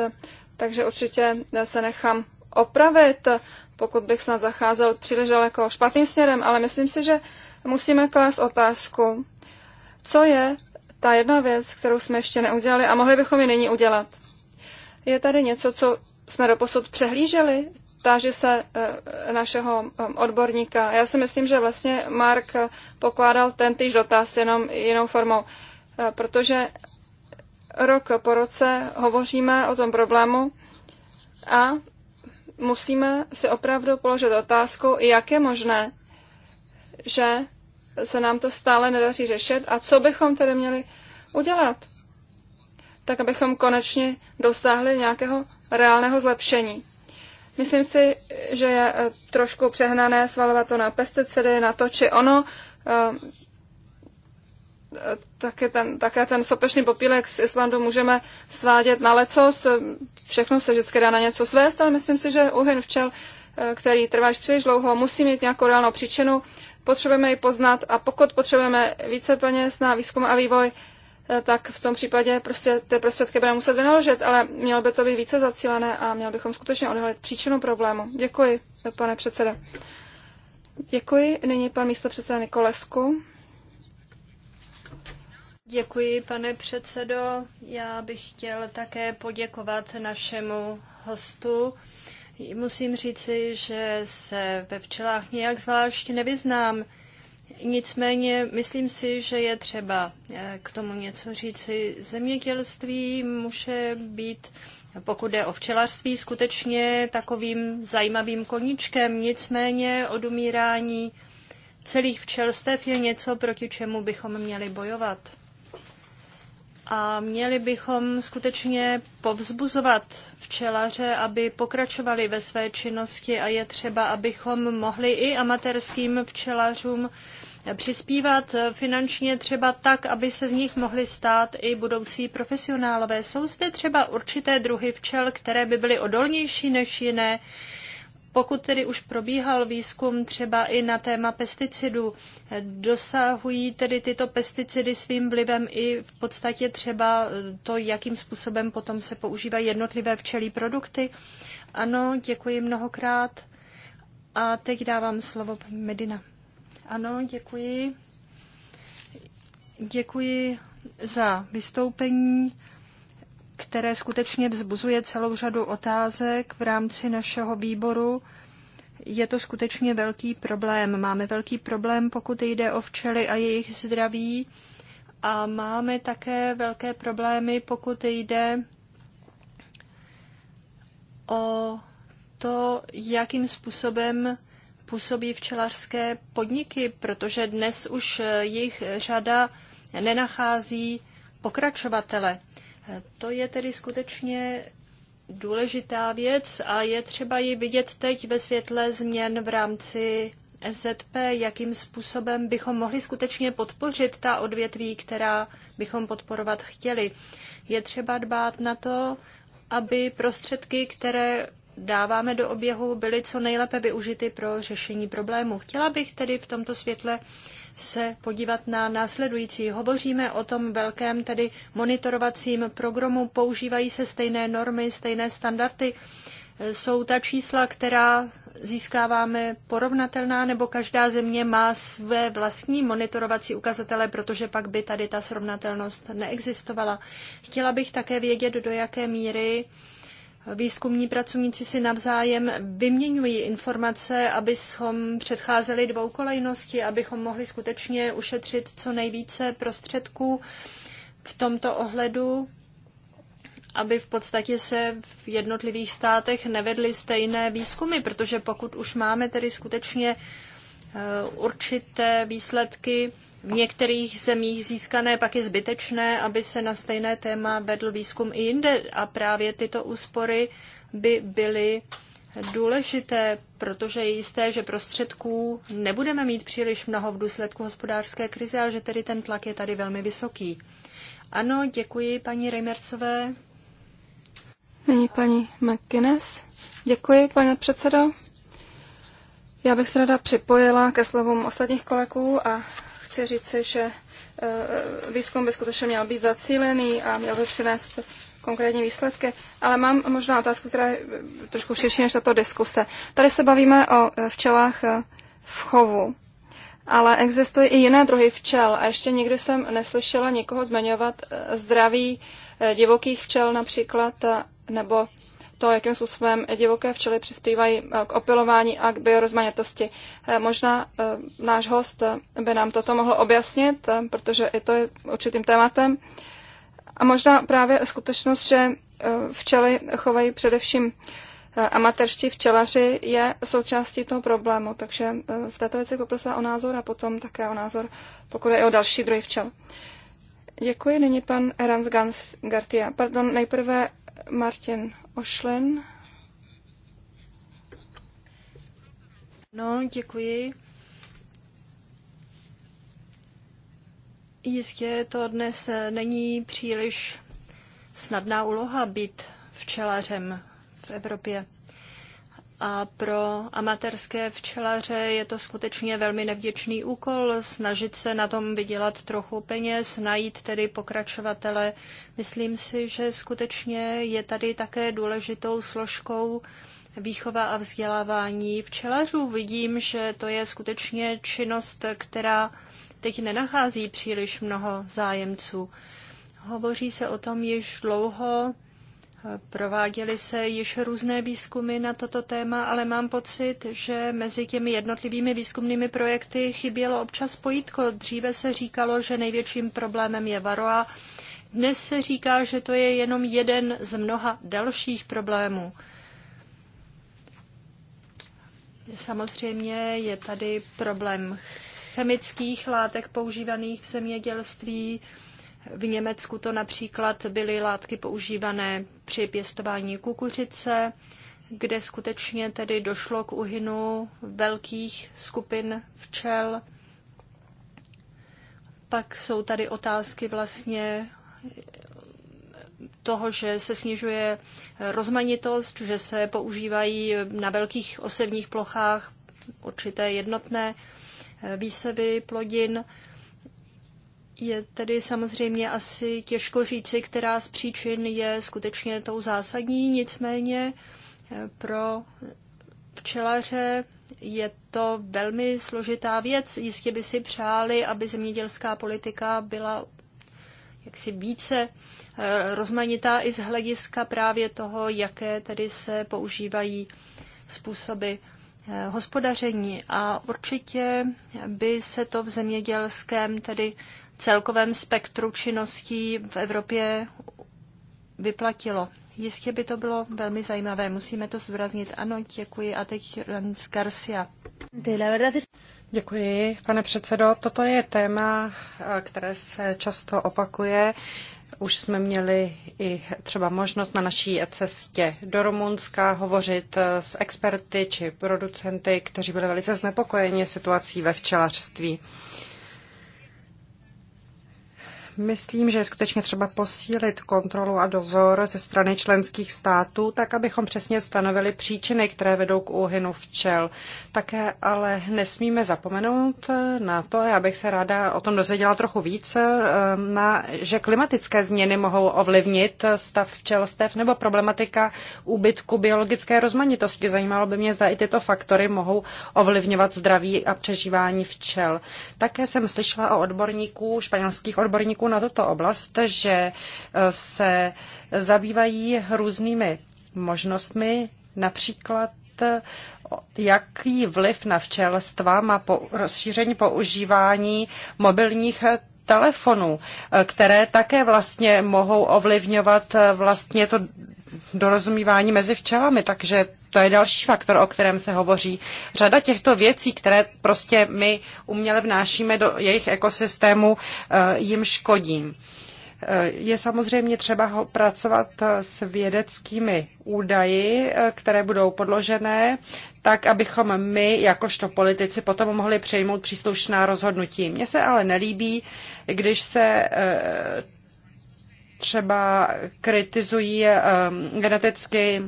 takže určitě se nechám opravit, pokud bych snad zacházel příliš daleko špatným směrem, ale myslím si, že musíme klást otázku, co je ta jedna věc, kterou jsme ještě neudělali a mohli bychom ji nyní udělat. Je tady něco, co jsme doposud přehlíželi? táži se eh, našeho eh, odborníka. Já si myslím, že vlastně Mark pokládal ten týž dotaz jenom jinou formou, eh, protože rok po roce hovoříme o tom problému a musíme si opravdu položit otázku, jak je možné, že se nám to stále nedaří řešit a co bychom tedy měli udělat, tak abychom konečně dosáhli nějakého reálného zlepšení. Myslím si, že je eh, trošku přehnané svalovat to na pesticidy, na to či ono. Eh, také ten, také ten sopečný popílek z Islandu můžeme svádět na lecos. Všechno se vždycky dá na něco svést, ale myslím si, že uhyn včel, eh, který trvá příliš dlouho, musí mít nějakou reálnou příčinu. Potřebujeme ji poznat a pokud potřebujeme více peněz na výzkum a vývoj, Eh, tak v tom případě prostě ty prostředky budeme muset vynaložit, ale mělo by to být více zacílené a měl bychom skutečně odhalit příčinu problému. Děkuji, pane předseda. Děkuji. Nyní pan místo předseda Nikolesku. Děkuji, pane předsedo. Já bych chtěl také poděkovat našemu hostu. Musím říci, že se ve včelách nějak zvlášť nevyznám. Nicméně myslím si, že je třeba eh, k tomu něco říci. Zemědělství může být, pokud je o včelařství, skutečně takovým zajímavým koníčkem. Nicméně odumírání celých včelstev je něco, proti čemu bychom měli bojovat a měli bychom skutečně povzbuzovat včelaře, aby pokračovali ve své činnosti a je třeba, abychom mohli i amatérským včelařům přispívat finančně třeba tak, aby se z nich mohli stát i budoucí profesionálové. Jsou zde třeba určité druhy včel, které by byly odolnější než jiné, pokud tedy už probíhal výzkum třeba i na téma pesticidů, dosahují tedy tyto pesticidy svým vlivem i v podstatě třeba to, jakým způsobem potom se používají jednotlivé včelí produkty? Ano, děkuji mnohokrát. A teď dávám slovo paní Medina. Ano, děkuji. Děkuji za vystoupení které skutečně vzbuzuje celou řadu otázek v rámci našeho výboru. Je to skutečně velký problém. Máme velký problém, pokud jde o včely a jejich zdraví. A máme také velké problémy, pokud jde o to, jakým způsobem působí včelařské podniky, protože dnes už jejich řada nenachází pokračovatele. To je tedy skutečně důležitá věc a je třeba ji vidět teď ve světle změn v rámci SZP, jakým způsobem bychom mohli skutečně podpořit ta odvětví, která bychom podporovat chtěli. Je třeba dbát na to, aby prostředky, které dáváme do oběhu, byly co nejlépe využity pro řešení problémů. Chtěla bych tedy v tomto světle se podívat na následující. Hovoříme o tom velkém tedy monitorovacím programu, používají se stejné normy, stejné standardy. Jsou ta čísla, která získáváme porovnatelná, nebo každá země má své vlastní monitorovací ukazatele, protože pak by tady ta srovnatelnost neexistovala. Chtěla bych také vědět, do jaké míry Výzkumní pracovníci si navzájem vyměňují informace, abychom předcházeli dvou kolejnosti, abychom mohli skutečně ušetřit co nejvíce prostředků v tomto ohledu, aby v podstatě se v jednotlivých státech nevedly stejné výzkumy, protože pokud už máme tedy skutečně eh, určité výsledky, v některých zemích získané, pak je zbytečné, aby se na stejné téma vedl výzkum i jinde. A právě tyto úspory by byly důležité, protože je jisté, že prostředků nebudeme mít příliš mnoho v důsledku hospodářské krize a že tedy ten tlak je tady velmi vysoký. Ano, děkuji paní Reimersové. Není paní McInnes. Děkuji, pane předsedo. Já bych se ráda připojila ke slovům ostatních kolegů a chci říct, že e, e, výzkum by skutečně měl být zacílený a měl by přinést konkrétní výsledky, ale mám možná otázku, která je e, trošku širší než tato diskuse. Tady se bavíme o včelách v chovu, ale existují i jiné druhy včel a ještě nikdy jsem neslyšela někoho zmiňovat zdraví divokých včel například nebo to, jakým způsobem divoké včely přispívají eh, k opilování a k biorozmanitosti. Eh, možná eh, náš host by nám toto mohl objasnit, protože i to je určitým tématem. A možná právě skutečnost, že včely chovají především amatérští včelaři, je součástí toho problému. Takže v této věci poprosila o názor a potom také o názor, pokud je o další druhý včel. Děkuji. Nyní pan Erans Gartia. Pardon, nejprve Martin Ošlen. No, děkuji. Jistě to dnes není příliš snadná úloha být včelařem v Evropě a pro amatérské včelaře je to skutečně velmi nevděčný úkol snažit se na tom vydělat trochu peněz, najít tedy pokračovatele. Myslím si, že skutečně je tady také důležitou složkou výchova a vzdělávání včelařů. Vidím, že to je skutečně činnost, která teď nenachází příliš mnoho zájemců. Hovoří se o tom již dlouho, Prováděly se již různé výzkumy na toto téma, ale mám pocit, že mezi těmi jednotlivými výzkumnými projekty chybělo občas pojítko. Dříve se říkalo, že největším problémem je varoa. Dnes se říká, že to je jenom jeden z mnoha dalších problémů. Samozřejmě je tady problém chemických látek používaných v zemědělství, v Německu to například byly látky používané při pěstování kukuřice, kde skutečně tedy došlo k uhynu velkých skupin včel. Pak jsou tady otázky vlastně toho, že se snižuje rozmanitost, že se používají na velkých osevních plochách určité jednotné výsevy plodin. Je tedy samozřejmě asi těžko říci, která z příčin je skutečně tou zásadní, nicméně eh, pro včelaře je to velmi složitá věc. Jistě by si přáli, aby zemědělská politika byla jaksi více eh, rozmanitá i z hlediska právě toho, jaké tedy se používají způsoby eh, hospodaření. A určitě by se to v zemědělském tedy celkovém spektru činností v Evropě vyplatilo. Jistě by to bylo velmi zajímavé, musíme to zdůraznit. Ano, děkuji. A teď Lens Garcia. Děkuji, pane předsedo. Toto je téma, které se často opakuje. Už jsme měli i třeba možnost na naší cestě do Rumunska hovořit s experty či producenty, kteří byli velice znepokojeni situací ve včelařství. Uh, myslím, že je skutečně třeba posílit kontrolu a dozor ze strany členských států, tak abychom přesně stanovili příčiny, které vedou k úhynu včel. Také ale nesmíme zapomenout na to, já bych se ráda o tom dozvěděla trochu víc, eh, na, že klimatické změny mohou ovlivnit stav včelstev nebo problematika úbytku biologické rozmanitosti. Zajímalo by mě, zda i tyto faktory mohou ovlivňovat zdraví a přežívání včel. Také jsem slyšela o odborníků, španělských odborníků, tlaku na tuto oblast, že eh, se zabývají různými možnostmi, například eh, jaký vliv na včelstva má po, rozšíření používání mobilních eh, telefonů, které také vlastně mohou ovlivňovat vlastně to dorozumívání mezi včelami, takže to je další faktor, o kterém se hovoří. Řada těchto věcí, které prostě my uměle vnášíme do jejich ekosystému, eh, jim škodí. Eh, je samozřejmě třeba pracovat eh, s vědeckými údaji, které budou podložené, tak abychom my, jakožto politici, potom mohli přejmout příslušná rozhodnutí. Mně se ale nelíbí, když se třeba kritizují ehm, geneticky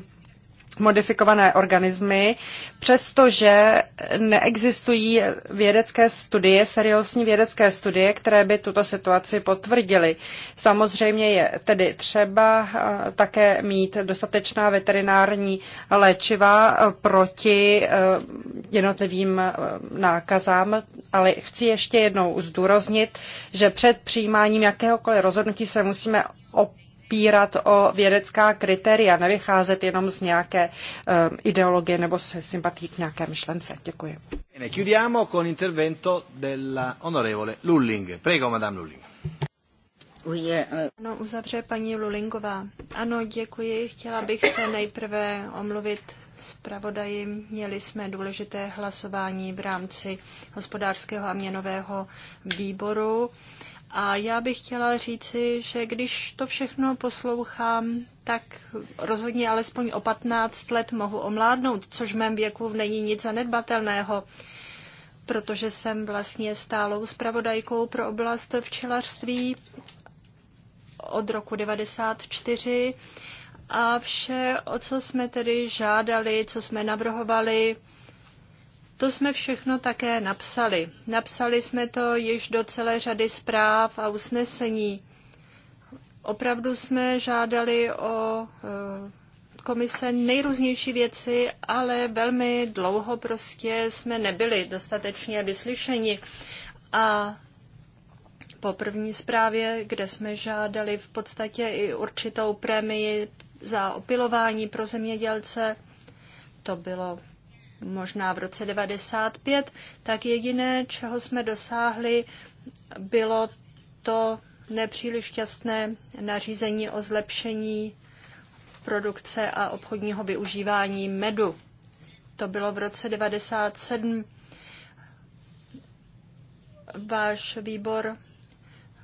modifikované organismy, přestože neexistují vědecké studie, seriózní vědecké studie, které by tuto situaci potvrdily. Samozřejmě je tedy třeba eh, také mít dostatečná veterinární léčiva eh, proti eh, jednotlivým nákazám, ale chci ještě jednou zdůraznit, že před přijímáním jakéhokoliv rozhodnutí se musíme opírat o vědecká kritéria, nevycházet jenom z nějaké um, ideologie nebo se sympatí k nějaké myšlence. Děkuji. chiudiamo con intervento della onorevole Lulling. Prego, madame Lulling. Eh, eh. Ano, uzavře paní Lulingová. Ano, děkuji. Chtěla bych se nejprve omluvit s pravodají. Měli jsme důležité hlasování v rámci hospodářského a měnového výboru. A já bych chtěla říci, že když to všechno poslouchám, tak rozhodně alespoň o 15 let mohu omládnout, což v mém věku není nic zanedbatelného, protože jsem vlastně stálou zpravodajkou pro oblast včelařství od roku 1994 a vše, o co jsme tedy žádali, co jsme navrhovali, to jsme všechno také napsali. Napsali jsme to již do celé řady zpráv a usnesení. Opravdu jsme žádali o eh, komise nejrůznější věci, ale velmi dlouho prostě jsme nebyli dostatečně vyslyšeni. A po první zprávě, kde jsme žádali v podstatě i určitou prémii za opilování pro zemědělce, to bylo možná v roce 95, tak jediné, čeho jsme dosáhli, bylo to nepříliš šťastné nařízení o zlepšení produkce a obchodního využívání medu. To bylo v roce 97. Váš výbor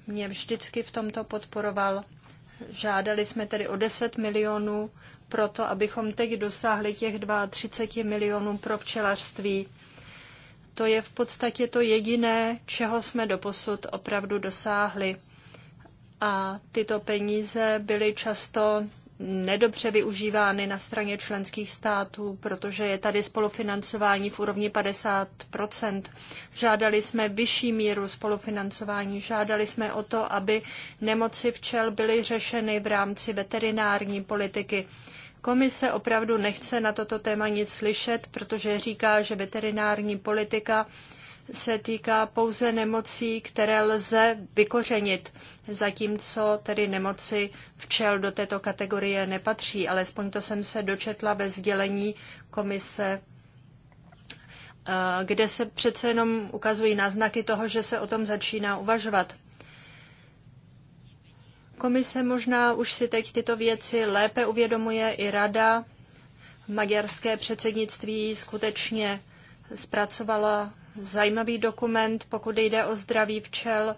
mě vždycky v tomto podporoval. Žádali jsme tedy o 10 milionů pro to, abychom teď dosáhli těch 32 milionů pro včelařství. To je v podstatě to jediné, čeho jsme doposud opravdu dosáhli. A tyto peníze byly často nedobře využívány na straně členských států, protože je tady spolufinancování v úrovni 50 Žádali jsme vyšší míru spolufinancování, žádali jsme o to, aby nemoci včel byly řešeny v rámci veterinární politiky. Komise opravdu nechce na toto téma nic slyšet, protože říká, že veterinární politika se týká pouze nemocí, které lze vykořenit, zatímco tedy nemoci včel do této kategorie nepatří. Alespoň to jsem se dočetla ve sdělení komise eh, kde se přece jenom ukazují náznaky toho, že se o tom začíná uvažovat. Komise možná už si teď tyto věci lépe uvědomuje i rada. Maďarské předsednictví skutečně zpracovala zajímavý dokument, pokud jde o zdraví včel.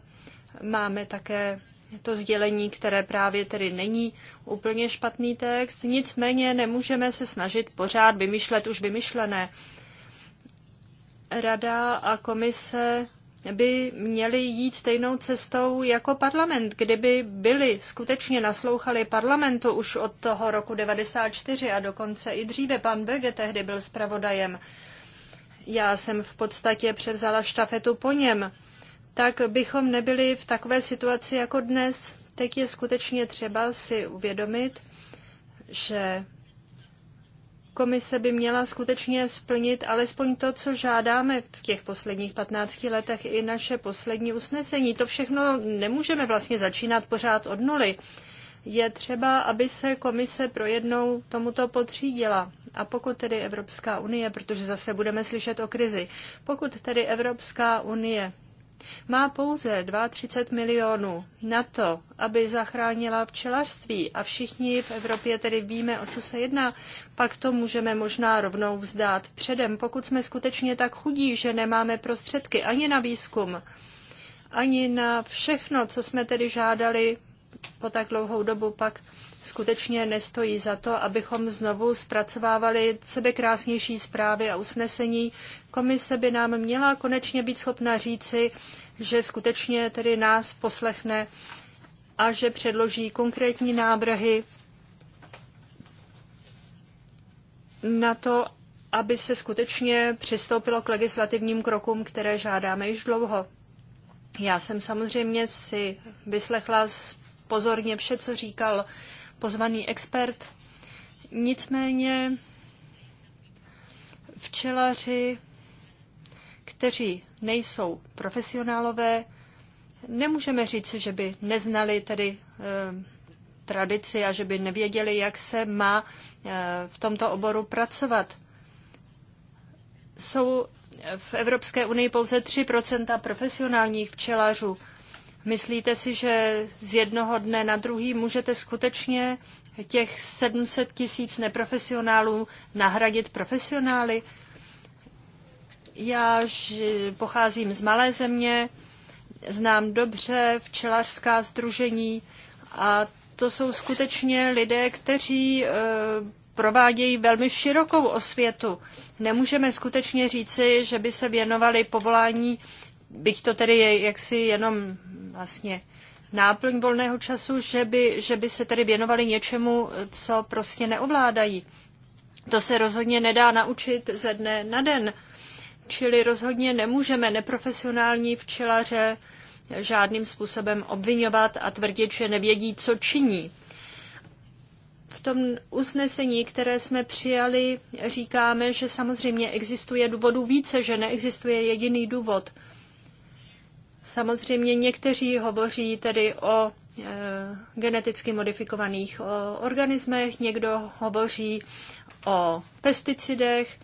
Máme také to sdělení, které právě tedy není úplně špatný text. Nicméně nemůžeme se snažit pořád vymýšlet už vymyšlené. Rada a komise by měli jít stejnou cestou jako parlament. Kdyby byli skutečně naslouchali parlamentu už od toho roku 94 a dokonce i dříve, pan Böge tehdy byl zpravodajem, já jsem v podstatě převzala štafetu po něm, tak bychom nebyli v takové situaci jako dnes. Teď je skutečně třeba si uvědomit, že Komise by měla skutečně splnit alespoň to, co žádáme v těch posledních 15 letech i naše poslední usnesení. To všechno nemůžeme vlastně začínat pořád od nuly. Je třeba, aby se komise pro jednou tomuto podřídila. A pokud tedy Evropská unie, protože zase budeme slyšet o krizi, pokud tedy Evropská unie má pouze 32 milionů na to, aby zachránila včelařství a všichni v Evropě tedy víme, o co se jedná, pak to můžeme možná rovnou vzdát předem, pokud jsme skutečně tak chudí, že nemáme prostředky ani na výzkum, ani na všechno, co jsme tedy žádali po tak dlouhou dobu, pak skutečně nestojí za to, abychom znovu zpracovávali sebekrásnější zprávy a usnesení. Komise by nám měla konečně být schopna říci, že skutečně tedy nás poslechne a že předloží konkrétní návrhy na to, aby se skutečně přistoupilo k legislativním krokům, které žádáme již dlouho. Já jsem samozřejmě si vyslechla pozorně vše, co říkal pozvaný expert. Nicméně včelaři, kteří nejsou profesionálové, nemůžeme říct, že by neznali tedy eh, tradici a že by nevěděli, jak se má eh, v tomto oboru pracovat. Jsou v Evropské unii pouze 3 profesionálních včelařů. Myslíte si, že z jednoho dne na druhý můžete skutečně těch 700 tisíc neprofesionálů nahradit profesionály? Já pocházím z malé země, znám dobře včelařská združení a to jsou skutečně lidé, kteří eh, provádějí velmi širokou osvětu. Nemůžeme skutečně říci, že by se věnovali povolání byť to tedy je jaksi jenom vlastně náplň volného času, že by, že by se tedy věnovali něčemu, co prostě neovládají. To se rozhodně nedá naučit ze dne na den. Čili rozhodně nemůžeme neprofesionální včelaře žádným způsobem obvinovat a tvrdit, že nevědí, co činí. V tom usnesení, které jsme přijali, říkáme, že samozřejmě existuje důvodů více, že neexistuje jediný důvod – Samozřejmě někteří hovoří tedy o e, geneticky modifikovaných organismech, někdo hovoří o pesticidech,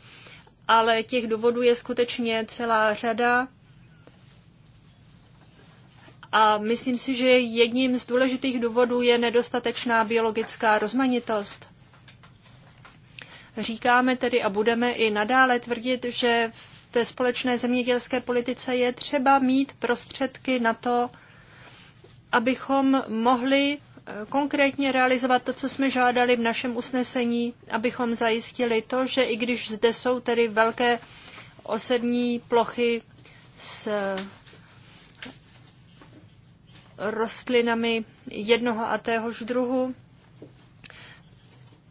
ale těch důvodů je skutečně celá řada. A myslím si, že jedním z důležitých důvodů je nedostatečná biologická rozmanitost. Říkáme tedy a budeme i nadále tvrdit, že v té společné zemědělské politice je třeba mít prostředky na to, abychom mohli eh, konkrétně realizovat to, co jsme žádali v našem usnesení, abychom zajistili to, že i když zde jsou tedy velké osební plochy s eh, rostlinami jednoho a téhož druhu,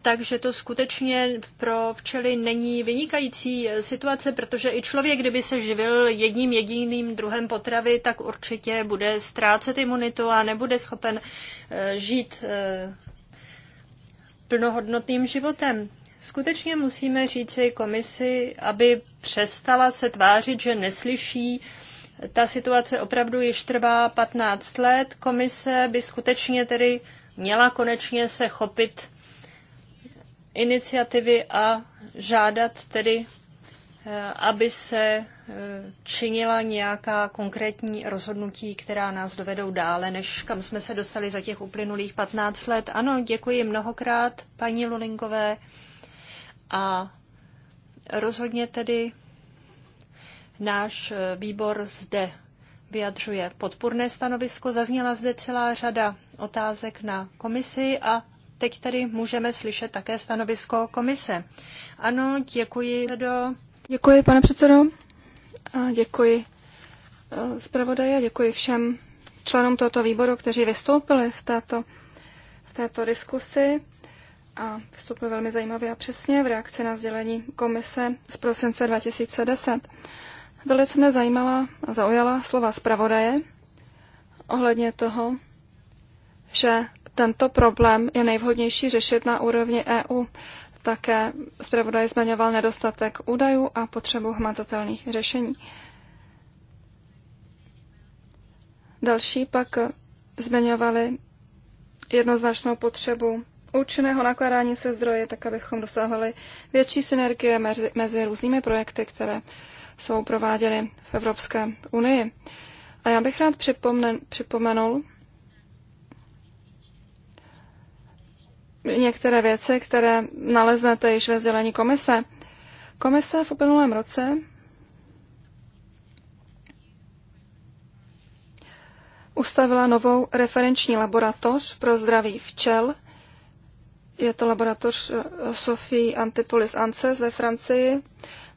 takže to skutečně pro včely není vynikající eh, situace, protože i člověk, kdyby se živil jedním jediným druhem potravy, tak určitě bude ztrácet imunitu a nebude schopen eh, žít eh, plnohodnotným životem. Skutečně musíme říci komisi, aby přestala se tvářit, že neslyší ta situace opravdu již trvá 15 let. Komise by skutečně tedy měla konečně se chopit iniciativy a žádat tedy, eh, aby se eh, činila nějaká konkrétní rozhodnutí, která nás dovedou dále, než kam jsme se dostali za těch uplynulých 15 let. Ano, děkuji mnohokrát paní Lulinkové a rozhodně tedy náš eh, výbor zde vyjadřuje podpůrné stanovisko. Zazněla zde celá řada otázek na komisi a Teď tady můžeme slyšet také stanovisko komise. Ano, děkuji. Do... Děkuji, pane předsedo. A děkuji eh, zpravodaji a děkuji všem členům tohoto výboru, kteří vystoupili v této, v této diskusi a vystoupil velmi zajímavě a přesně v reakci na sdělení komise z prosince 2010. Velice mě zajímala a zaujala slova zpravodaje ohledně toho, že tento problém je nejvhodnější řešit na úrovni EU. Také zpravodaj zmaňoval nedostatek údajů a potřebu hmatatelných řešení. Další pak zmiňovali jednoznačnou potřebu účinného nakládání se zdroje, tak abychom dosáhli větší synergie mezi, mezi různými projekty, které jsou prováděny v Evropské unii. A já bych rád připomenul, některé věci, které naleznete již ve sdělení komise. Komise v uplynulém roce ustavila novou referenční laboratoř pro zdraví včel. Je to laboratoř eh, Sophie Antipolis Ances ve Francii,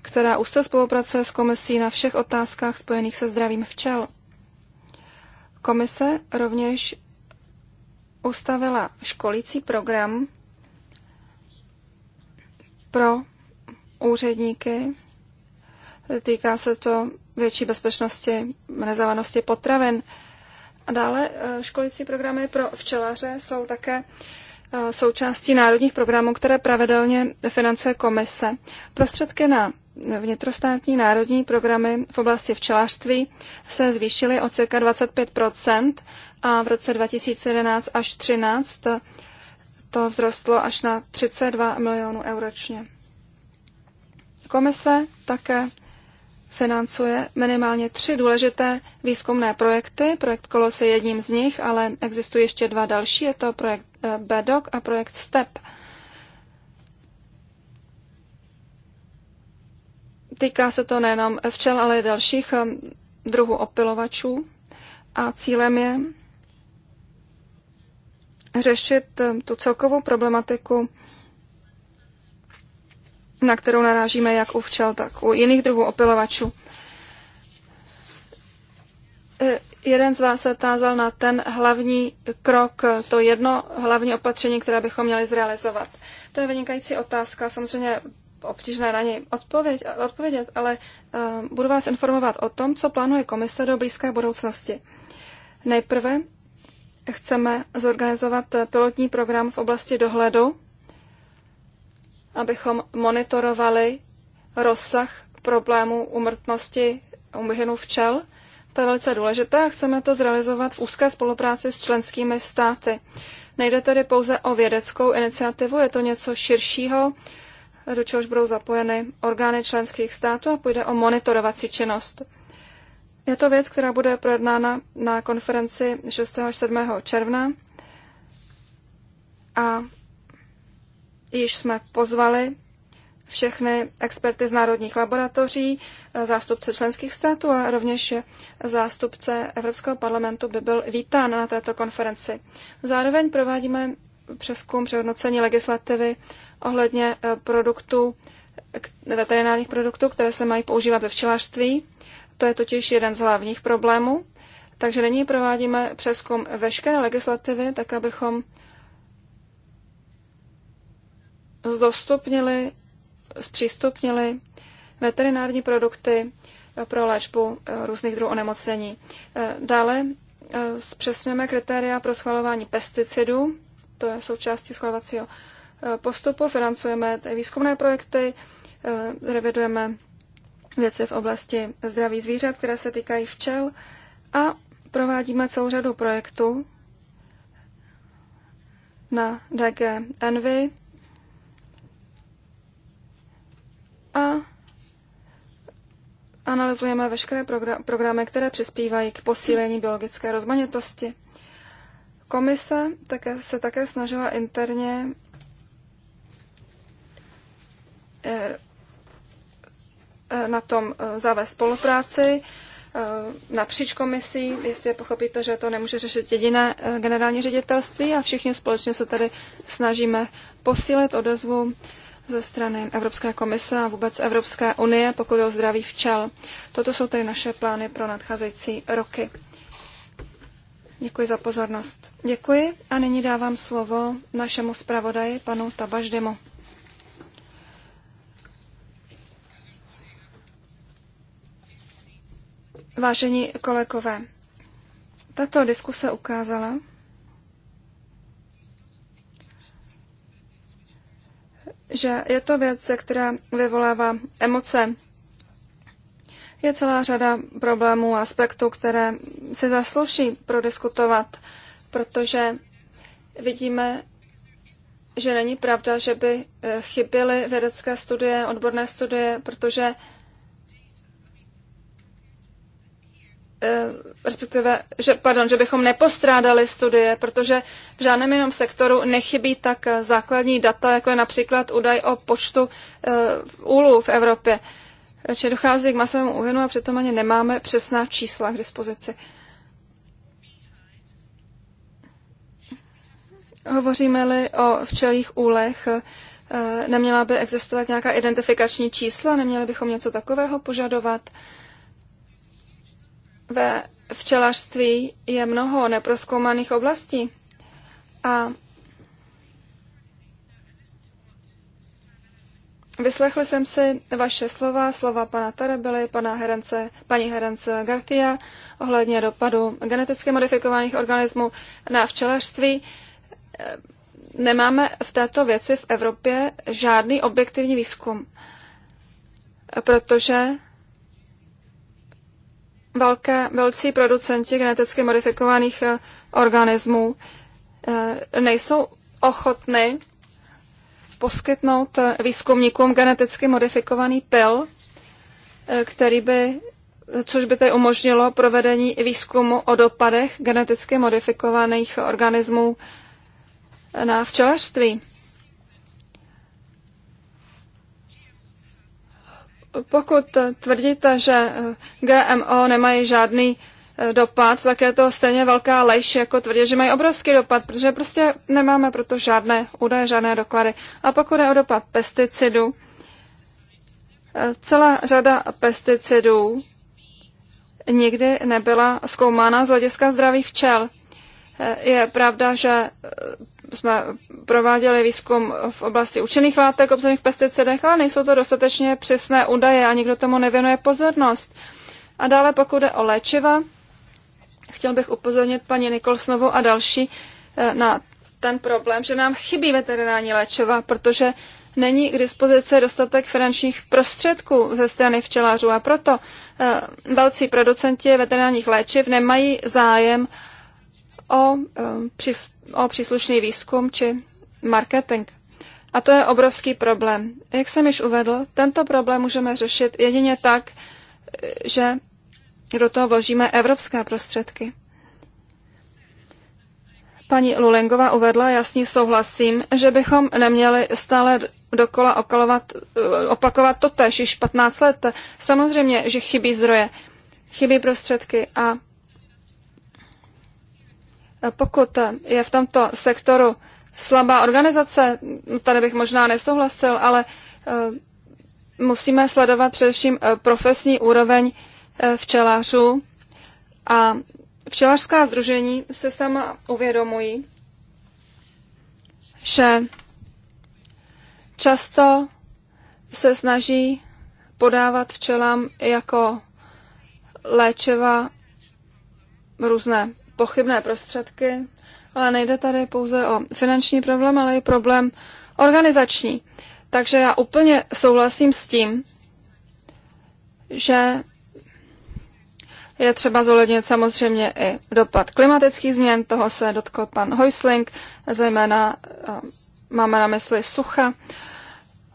která se spolupracuje s komisí na všech otázkách spojených se zdravím včel. Komise rovněž ustavila školící program pro úředníky. Týká se to větší bezpečnosti, nezávanosti potravin. A dále e, školící programy pro včelaře jsou také e, součástí národních programů, které pravidelně financuje komise. Prostředky na vnitrostátní národní programy v oblasti včelařství se zvýšily o cirka 25 a v roce 2011 až 2013 to vzrostlo až na 32 milionů eur ročně. Komise také financuje minimálně tři důležité výzkumné projekty. Projekt Kolos je jedním z nich, ale existují ještě dva další. Je to projekt eh, BEDOC a projekt STEP. Týká se to nejenom včel, ale i dalších eh, druhů opilovačů. A cílem je řešit eh, tu celkovou problematiku, na kterou narážíme jak u včel, tak u jiných druhů opilovačů. Eh, jeden z vás se tázal na ten hlavní krok, eh, to jedno hlavní opatření, které bychom měli zrealizovat. To je vynikající otázka, samozřejmě obtížné na něj odpověď, odpovědět, ale uh, budu vás informovat o tom, co plánuje komise do blízké budoucnosti. Nejprve chceme zorganizovat pilotní program v oblasti dohledu, abychom monitorovali rozsah problémů umrtnosti umhynu včel. To je velice důležité a chceme to zrealizovat v úzké spolupráci s členskými státy. Nejde tedy pouze o vědeckou iniciativu, je to něco širšího, do čehož budou zapojeny orgány členských států a půjde o monitorovací činnost. Je to věc, která bude projednána na konferenci 6. až 7. června a již jsme pozvali všechny experty z národních laboratoří, zástupce členských států a rovněž zástupce Evropského parlamentu by byl vítán na této konferenci. Zároveň provádíme přeskum přehodnocení legislativy ohledně eh, produktů, veterinárních produktů, které se mají používat ve včelařství. To je totiž jeden z hlavních problémů. Takže nyní provádíme přeskum veškeré legislativy, tak abychom zdostupnili, zpřístupnili veterinární produkty pro léčbu eh, různých druhů onemocnění. Eh, dále eh, zpřesňujeme kritéria pro schvalování pesticidů, to je součástí schvalovacího postupu, financujeme výzkumné projekty, revidujeme věci v oblasti zdraví zvířat, které se týkají včel a provádíme celou řadu projektů na DG Envy a analyzujeme veškeré programy, které přispívají k posílení biologické rozmanitosti. Komise také, se také snažila interně eh, E, na tom e, zavést spolupráci e, napříč komisí. je pochopíte, že to nemůže řešit jediné generální ředitelství a všichni společně se tady snažíme posílit odezvu ze strany Evropské komise a vůbec Evropské unie, pokud o zdraví včel. Toto jsou tedy naše plány pro nadcházející roky. Děkuji za pozornost. Děkuji a nyní dávám slovo našemu zpravodaji, panu Tabaždemu. Vážení kolegové, tato diskuse ukázala, že je to věc, která vyvolává emoce. Je celá řada problémů a aspektů, které si zaslouží prodiskutovat, protože vidíme, že není pravda, že by eh, chyběly vědecké studie, odborné studie, protože Eh, respektive, že, pardon, že bychom nepostrádali studie, protože v žádném jiném sektoru nechybí tak základní data, jako je například údaj o počtu eh, úlů v Evropě. Či dochází k masovému úhynu a přitom ani nemáme přesná čísla k dispozici. Hovoříme-li o včelích úlech, eh, neměla by existovat nějaká identifikační čísla, neměli bychom něco takového požadovat. Ve včelařství je mnoho neproskoumaných oblastí a Vyslechli jsem si vaše slova, slova pana Tarebely, pana Herence, paní Herence Gartia ohledně dopadu geneticky modifikovaných organismů na včelařství. Nemáme v této věci v Evropě žádný objektivní výzkum, protože velké, velcí producenti geneticky modifikovaných eh, organismů eh, nejsou ochotny poskytnout eh, výzkumníkům geneticky modifikovaný pil, který by, což by tady umožnilo provedení výzkumu o dopadech geneticky modifikovaných organismů na včelařství. Pokud tvrdíte, že eh, GMO nemají žádný eh, dopad, tak je to stejně velká lež, jako tvrdí, že mají obrovský dopad, protože prostě nemáme proto žádné údaje, žádné doklady. A pokud je o dopad pesticidů, eh, celá řada pesticidů nikdy nebyla zkoumána z hlediska zdraví včel. Je pravda, že eh, jsme prováděli výzkum v oblasti učených látek obsažených v pesticidech, ale nejsou to dostatečně přesné údaje a nikdo tomu nevěnuje pozornost. A dále, pokud jde o léčiva, chtěl bych upozornit paní Nikolsnovu a další eh, na ten problém, že nám chybí veterinární léčiva, protože není k dispozici dostatek finančních prostředků ze strany včelářů a proto eh, velcí producenti veterinárních léčiv nemají zájem o, um, o příslušný výzkum či marketing. A to je obrovský problém. Jak jsem již uvedl, tento problém můžeme řešit jedině tak, že do toho vložíme evropské prostředky. Paní Lulengová uvedla, já s ní souhlasím, že bychom neměli stále dokola okalovat, opakovat to tež již 15 let. Samozřejmě, že chybí zdroje, chybí prostředky a pokud je v tomto sektoru slabá organizace, no tady bych možná nesouhlasil, ale e, musíme sledovat především e, profesní úroveň e, včelařů a včelařská združení se sama uvědomují, že často se snaží podávat včelám jako léčiva různé pochybné prostředky, ale nejde tady pouze o finanční problém, ale i problém organizační. Takže já úplně souhlasím s tím, že je třeba zohlednit samozřejmě i dopad klimatických změn, toho se dotkl pan Hoisling, zejména eh, máme na mysli sucha,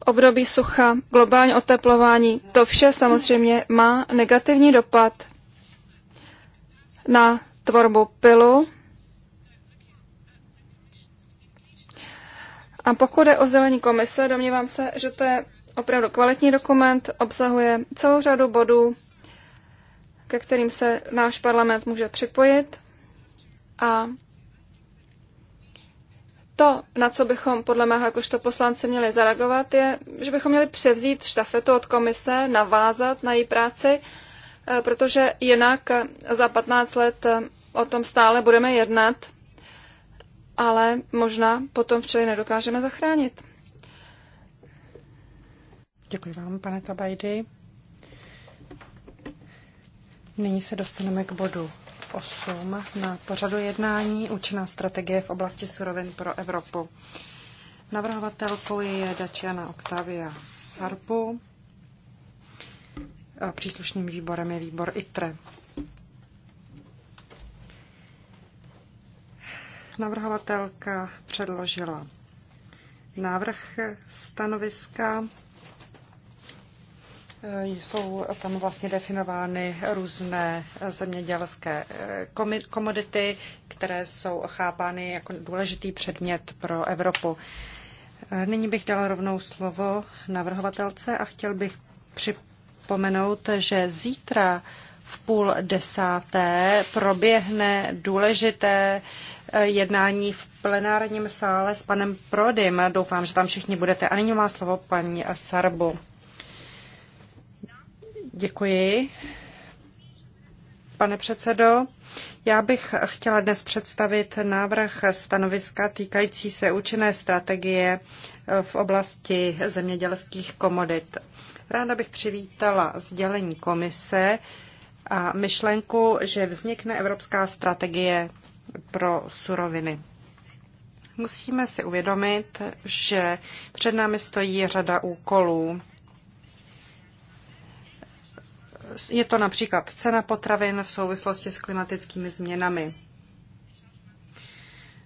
období sucha, globální oteplování. To vše samozřejmě má negativní dopad na tvorbu pilu. A pokud je o zelení komise, domnívám se, že to je opravdu kvalitní dokument, obsahuje celou řadu bodů, ke kterým se náš parlament může připojit. A to, na co bychom podle mého jakožto poslanci měli zareagovat, je, že bychom měli převzít štafetu od komise, navázat na její práci Eh, protože jinak eh, za 15 let eh, o tom stále budeme jednat, ale možná potom včely nedokážeme zachránit. Děkuji vám, pane Tabajdy. Nyní se dostaneme k bodu 8 na pořadu jednání Účinná strategie v oblasti surovin pro Evropu. Navrhovatelkou je Dačiana Octavia Sarpu. Příslušným výborem je výbor ITRE. Navrhovatelka předložila návrh stanoviska. Jsou tam vlastně definovány různé zemědělské eh, komodity, které jsou chápány jako důležitý předmět pro Evropu. Eh, nyní bych dala rovnou slovo navrhovatelce a chtěl bych připomínat, připomenout, že zítra v půl desáté proběhne důležité eh, jednání v plenárním sále s panem Prodym. Doufám, že tam všichni budete. A nyní má slovo paní Sarbu. Děkuji. Pane předsedo, já bych chtěla dnes představit návrh stanoviska týkající se účinné strategie eh, v oblasti zemědělských komodit. Ráda bych přivítala sdělení komise a myšlenku, že vznikne evropská strategie pro suroviny. Musíme si uvědomit, že před námi stojí řada úkolů. Je to například cena potravin v souvislosti s klimatickými změnami.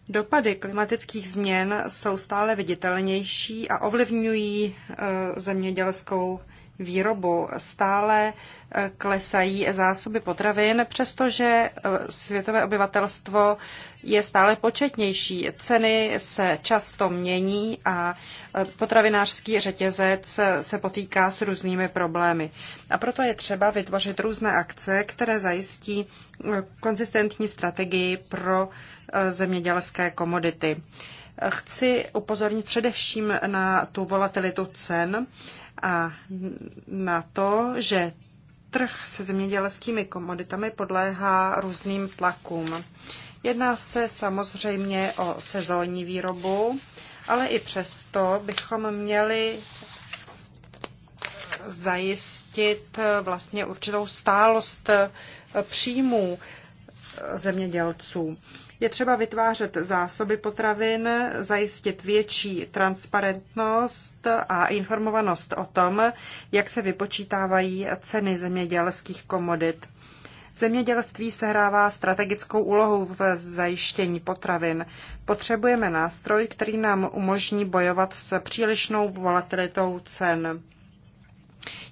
Dopady klimatických změn jsou stále viditelnější a ovlivňují eh, zemědělskou výrobu. Stále eh, klesají zásoby potravin, přestože eh, světové obyvatelstvo je stále početnější. Ceny se často mění a eh, potravinářský řetězec se potýká s různými problémy. A proto je třeba vytvořit různé akce, které zajistí konzistentní strategii pro zemědělské komodity. Chci upozornit především na tu volatilitu cen a na to, že trh se zemědělskými komoditami podléhá různým tlakům. Jedná se samozřejmě o sezónní výrobu, ale i přesto bychom měli zajistit vlastně určitou stálost příjmů zemědělců. Je třeba vytvářet zásoby potravin, zajistit větší transparentnost a informovanost o tom, jak se vypočítávají ceny zemědělských komodit. Zemědělství sehrává strategickou úlohu v zajištění potravin. Potřebujeme nástroj, který nám umožní bojovat s přílišnou volatilitou cen.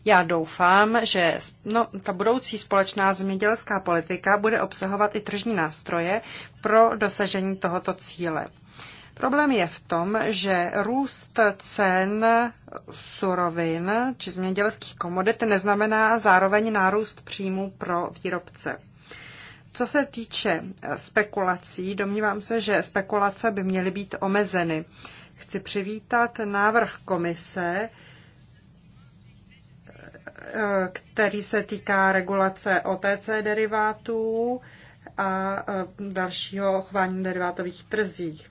Já doufám, že no, ta budoucí společná zemědělská politika bude obsahovat i tržní nástroje pro dosažení tohoto cíle. Problém je v tom, že růst cen surovin či zemědělských komodit neznamená zároveň nárůst příjmů pro výrobce. Co se týče spekulací, domnívám se, že spekulace by měly být omezeny. Chci přivítat návrh komise, Eh, který se týká regulace OTC derivátů a eh, dalšího chování derivátových trzích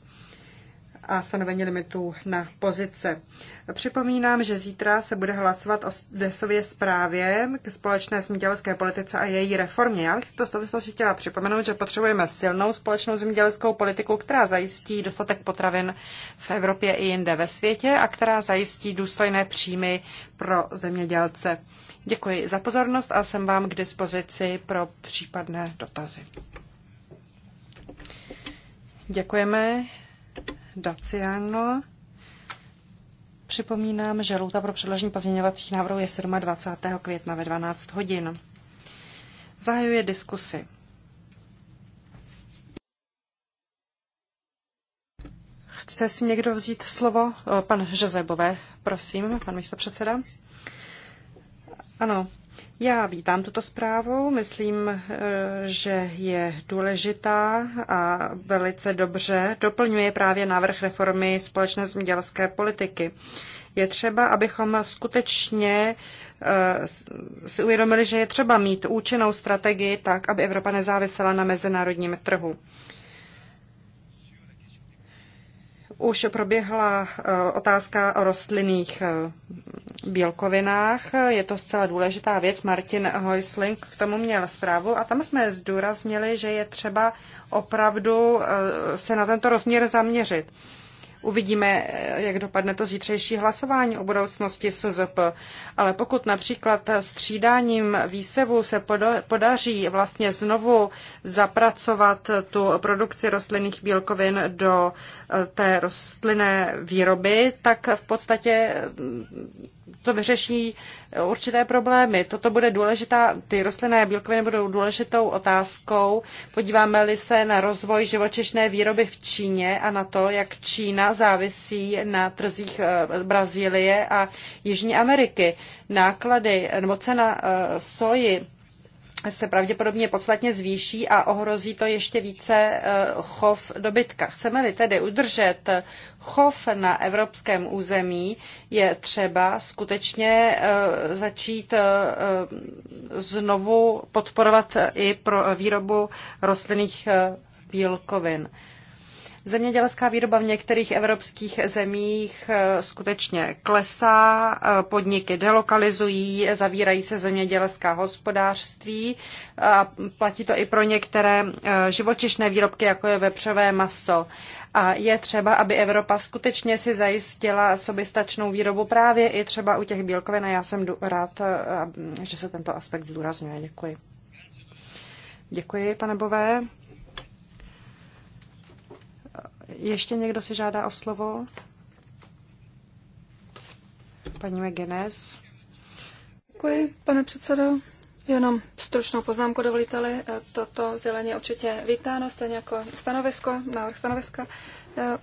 a stanovení limitů na pozice. Připomínám, že zítra se bude hlasovat o desově zprávě k společné zemědělské politice a její reformě. Já bych v souvislosti chtěla připomenout, že potřebujeme silnou společnou zemědělskou politiku, která zajistí dostatek potravin v Evropě i jinde ve světě a která zajistí důstojné příjmy pro zemědělce. Děkuji za pozornost a jsem vám k dispozici pro případné dotazy. Děkujeme Daciano. Připomínám, že lhůta pro předložení pozměňovacích návrhů je 27. května ve 12 hodin. Zahajuje diskusy. Chce si někdo vzít slovo? Eh, pan Žezebové, prosím, pan místopředseda. Ano, já vítám tuto zprávu, myslím, eh, že je důležitá a velice dobře doplňuje právě návrh reformy společné zemědělské politiky. Je třeba, abychom skutečně eh, si uvědomili, že je třeba mít účinnou strategii tak, aby Evropa nezávisela na mezinárodním trhu už proběhla e, otázka o rostlinných e, bílkovinách. Je to zcela důležitá věc. Martin Heusling k tomu měl zprávu a tam jsme zdůraznili, že je třeba opravdu e, se na tento rozměr zaměřit. Uvidíme, eh, jak dopadne to zítřejší hlasování o budoucnosti SZP. Ale pokud například střídáním výsevu se podaří vlastně znovu zapracovat tu produkci rostlinných bílkovin do eh, té rostlinné výroby, tak v podstatě to vyřeší určité problémy. Toto bude důležitá, ty rostlinné bílkoviny budou důležitou otázkou. Podíváme-li se na rozvoj živočišné výroby v Číně a na to, jak Čína závisí na trzích eh, Brazílie a Jižní Ameriky. Náklady nebo cena eh, soji se pravděpodobně podstatně zvýší a ohrozí to ještě více eh, chov dobytka. Chceme-li tedy udržet chov na evropském území, je třeba skutečně eh, začít eh, znovu podporovat i pro výrobu rostlinných bílkovin. Zemědělská výroba v některých evropských zemích eh, skutečně klesá, eh, podniky delokalizují, zavírají se zemědělská hospodářství a platí to i pro některé eh, živočišné výrobky, jako je vepřové maso. A je třeba, aby Evropa skutečně si zajistila soběstačnou výrobu právě i třeba u těch bílkovin a já jsem rád, že se tento aspekt zdůrazňuje. Děkuji. Děkuji, pane Bové. Ještě někdo si žádá o slovo? Paní Megenes. Děkuji, pane předsedo. Jenom stručnou poznámku dovolíte-li. E, toto zelení je určitě vítáno, stejně jako stanovisko, návrh stanoviska. E,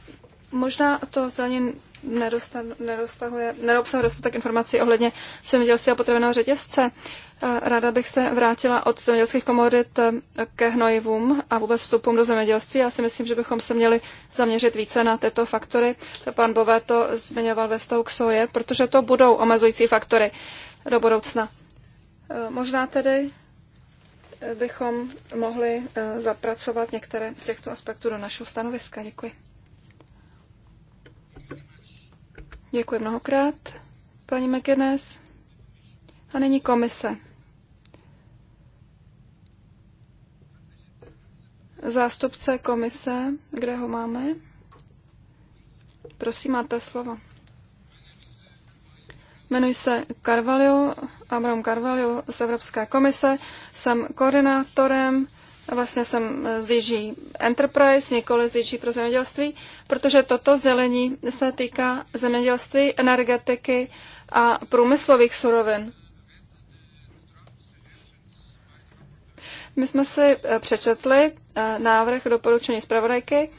možná to zelení nedostahuje, dostatek informací ohledně zemědělství a potravinového řetězce. Eh, ráda bych se vrátila od zemědělských komodit eh, ke hnojivům a vůbec vstupům do zemědělství. Já si myslím, že bychom se měli zaměřit více na tyto faktory. Pan Bové to zmiňoval ve vztahu k soje, protože to budou omezující faktory do budoucna. Eh, možná tedy bychom mohli zapracovat některé z těchto aspektů do našeho stanoviska. Děkuji. Děkuji mnohokrát, paní McInnes. A nyní komise. Zástupce komise, kde ho máme? Prosím, máte slovo. Jmenuji se Carvalho, Abram Carvalho z Evropské komise. Jsem koordinátorem Vlastně jsem eh, z DG Enterprise, nikoli z DG pro zemědělství, protože toto zelení se týká zemědělství, energetiky a průmyslových surovin. My jsme si eh, přečetli eh, návrh doporučení zpravodajky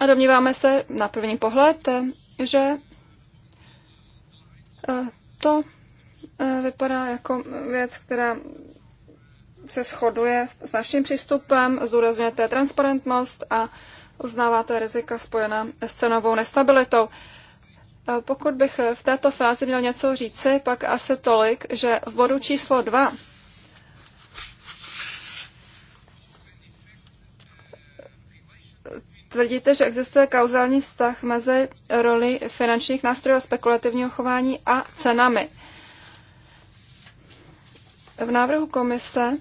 a domníváme se na první pohled, že to vypadá jako věc, která se shoduje s naším přístupem, zdůrazňujete transparentnost a uznáváte rizika spojená s cenovou nestabilitou. E, pokud bych v této fázi měl něco říci, pak asi tolik, že v bodu číslo 2 tvrdíte, že existuje kauzální vztah mezi roli finančních nástrojů a spekulativního chování a cenami. V návrhu komise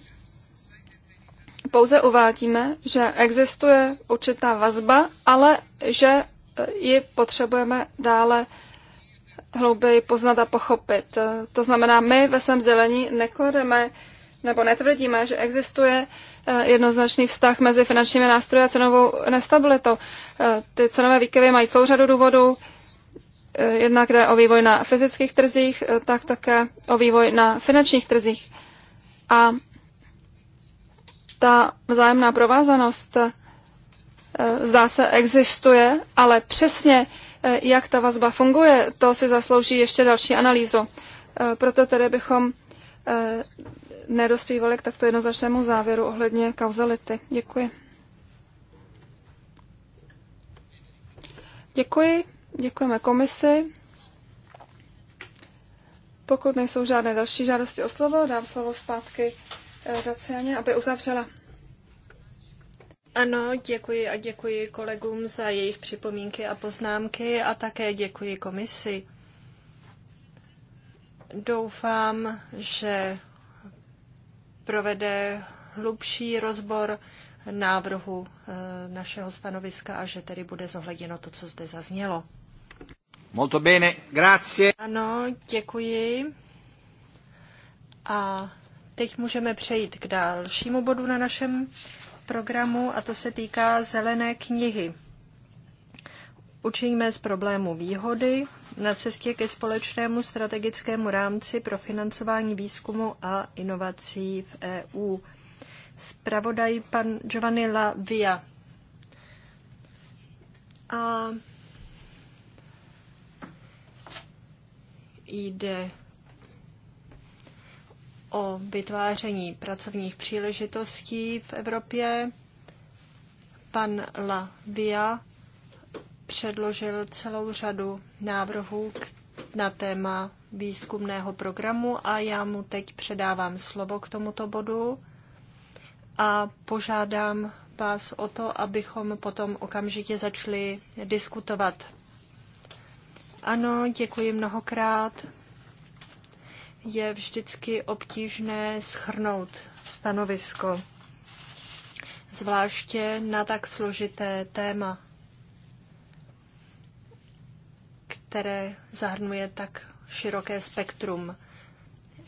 pouze uvádíme, že existuje určitá vazba, ale že e, ji potřebujeme dále hlouběji poznat a pochopit. E, to znamená, my ve svém zelení neklademe nebo netvrdíme, že existuje e, jednoznačný vztah mezi finančními nástroji a cenovou nestabilitou. Ty cenové výkyvy mají celou řadu důvodů. Jednak jde o vývoj na fyzických trzích, tak také o vývoj na finančních trzích. A ta vzájemná provázanost eh, zdá se existuje, ale přesně eh, jak ta vazba funguje, to si zaslouží ještě další analýzu. Eh, proto tedy bychom nedospívali k takto jednoznačnému závěru ohledně kauzality. Děkuji. Děkuji. Děkujeme komisi. Pokud nejsou žádné další žádosti o slovo, dám slovo zpátky Raceně, aby uzavřela. Ano, děkuji a děkuji kolegům za jejich připomínky a poznámky a také děkuji komisi. Doufám, že provede hlubší rozbor návrhu eh, našeho stanoviska a že tedy bude zohleděno to, co zde zaznělo. Molto bene, grazie. Ano, děkuji. A Teď můžeme přejít k dalšímu bodu na našem programu a to se týká zelené knihy. Učiníme z problému výhody na cestě ke společnému strategickému rámci pro financování výzkumu a inovací v EU. Spravodaj pan Giovanni La Via. A jde o vytváření pracovních příležitostí v Evropě. Pan Via předložil celou řadu návrhů na téma výzkumného programu a já mu teď předávám slovo k tomuto bodu a požádám vás o to, abychom potom okamžitě začali diskutovat. Ano, děkuji mnohokrát je vždycky obtížné schrnout stanovisko, zvláště na tak složité téma, které zahrnuje tak široké spektrum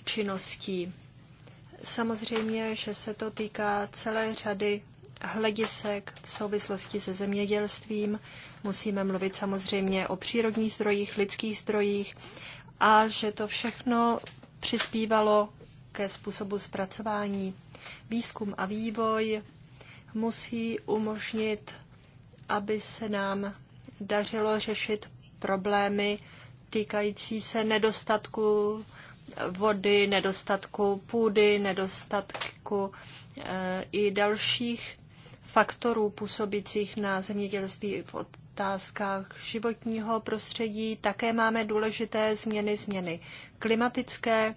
činností. Samozřejmě, že se to týká celé řady hledisek v souvislosti se zemědělstvím. Musíme mluvit samozřejmě o přírodních zdrojích, lidských zdrojích a že to všechno přispívalo ke způsobu zpracování. Výzkum a vývoj musí umožnit, aby se nám dařilo řešit problémy týkající se nedostatku vody, nedostatku půdy, nedostatku eh, i dalších faktorů působících na zemědělství v otázkách životního prostředí také máme důležité změny, změny klimatické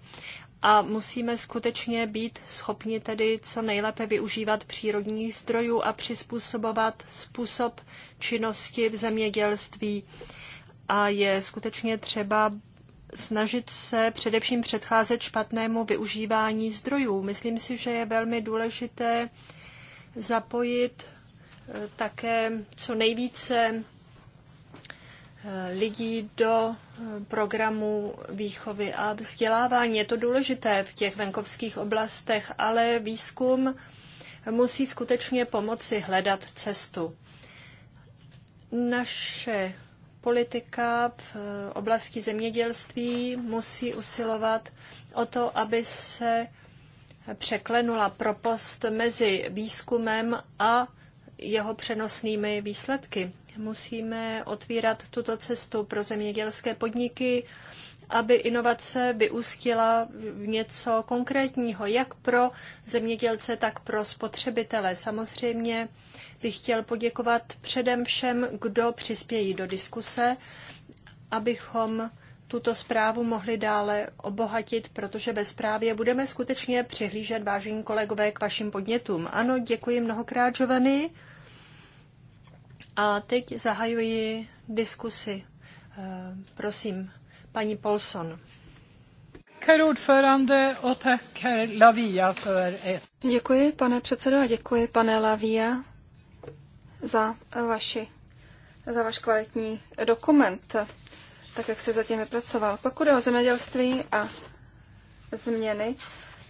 a musíme skutečně být schopni tedy co nejlépe využívat přírodních zdrojů a přizpůsobovat způsob činnosti v zemědělství. A je skutečně třeba snažit se především předcházet špatnému využívání zdrojů. Myslím si, že je velmi důležité zapojit také co nejvíce eh, lidí do eh, programu výchovy a vzdělávání. Je to důležité v těch venkovských oblastech, ale výzkum musí skutečně pomoci hledat cestu. Naše politika v eh, oblasti zemědělství musí usilovat o to, aby se překlenula propast mezi výzkumem a jeho přenosnými výsledky. Musíme otvírat tuto cestu pro zemědělské podniky, aby inovace vyústila v něco konkrétního, jak pro zemědělce, tak pro spotřebitele. Samozřejmě bych chtěl poděkovat předem všem, kdo přispějí do diskuse, abychom tuto zprávu mohli dále obohatit, protože bez zprávě budeme skutečně přihlížet, vážení kolegové, k vašim podnětům. Ano, děkuji mnohokrát, Giovanni. A teď zahajuji diskusi. Eh, prosím, paní Polson. Děkuji, pane předsedo, a děkuji, pane Lavia, za, vaši, za váš kvalitní dokument, tak jak jste zatím vypracoval. Pokud je o zemědělství a změny,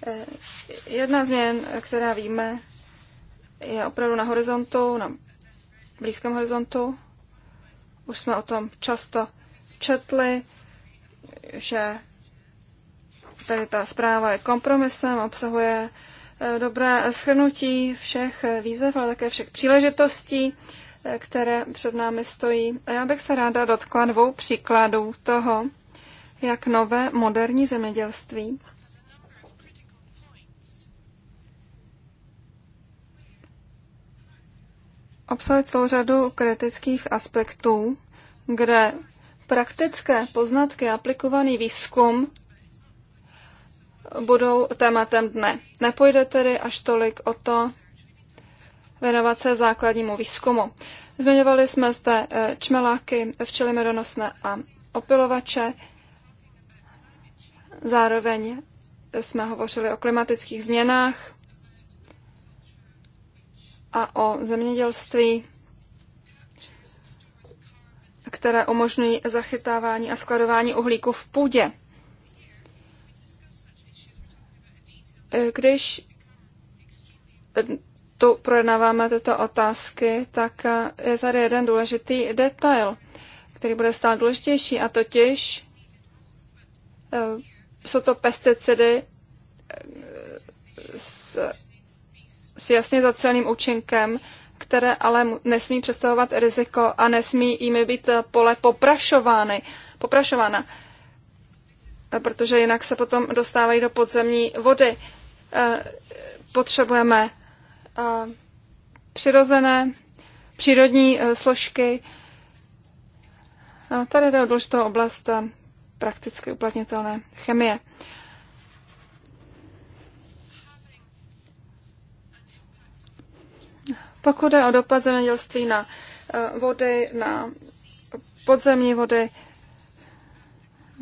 eh, jedna změn, která víme, je opravdu na horizontu, na blízkém horizontu. Už jsme o tom často četli, že tady ta zpráva je kompromisem, obsahuje eh, dobré shrnutí všech výzev, ale také všech příležitostí, eh, které před námi stojí. A já bych se ráda dotkla dvou příkladů toho, jak nové moderní zemědělství obsahuje celou řadu kritických aspektů, kde praktické poznatky a aplikovaný výzkum budou tématem dne. Nepojde tedy až tolik o to věnovat se základnímu výzkumu. Zmiňovali jsme zde eh, čmeláky, včely medonosné a opilovače. Zároveň jsme hovořili o klimatických změnách, a o zemědělství, které umožňují zachytávání a skladování uhlíku v půdě. Když tu projednáváme tyto otázky, tak je tady jeden důležitý detail, který bude stát důležitější, a totiž eh, jsou to pesticidy eh, s s jasně zaceleným účinkem, které ale nesmí představovat riziko a nesmí jimi být eh, pole poprašovány, poprašována, eh, protože jinak se potom dostávají do podzemní vody. Eh, potřebujeme přirozené, přírodní složky. Tady jde o důležitou oblast prakticky uplatnitelné chemie. Pokud je o dopad zemědělství na eh, vody, na podzemní vody,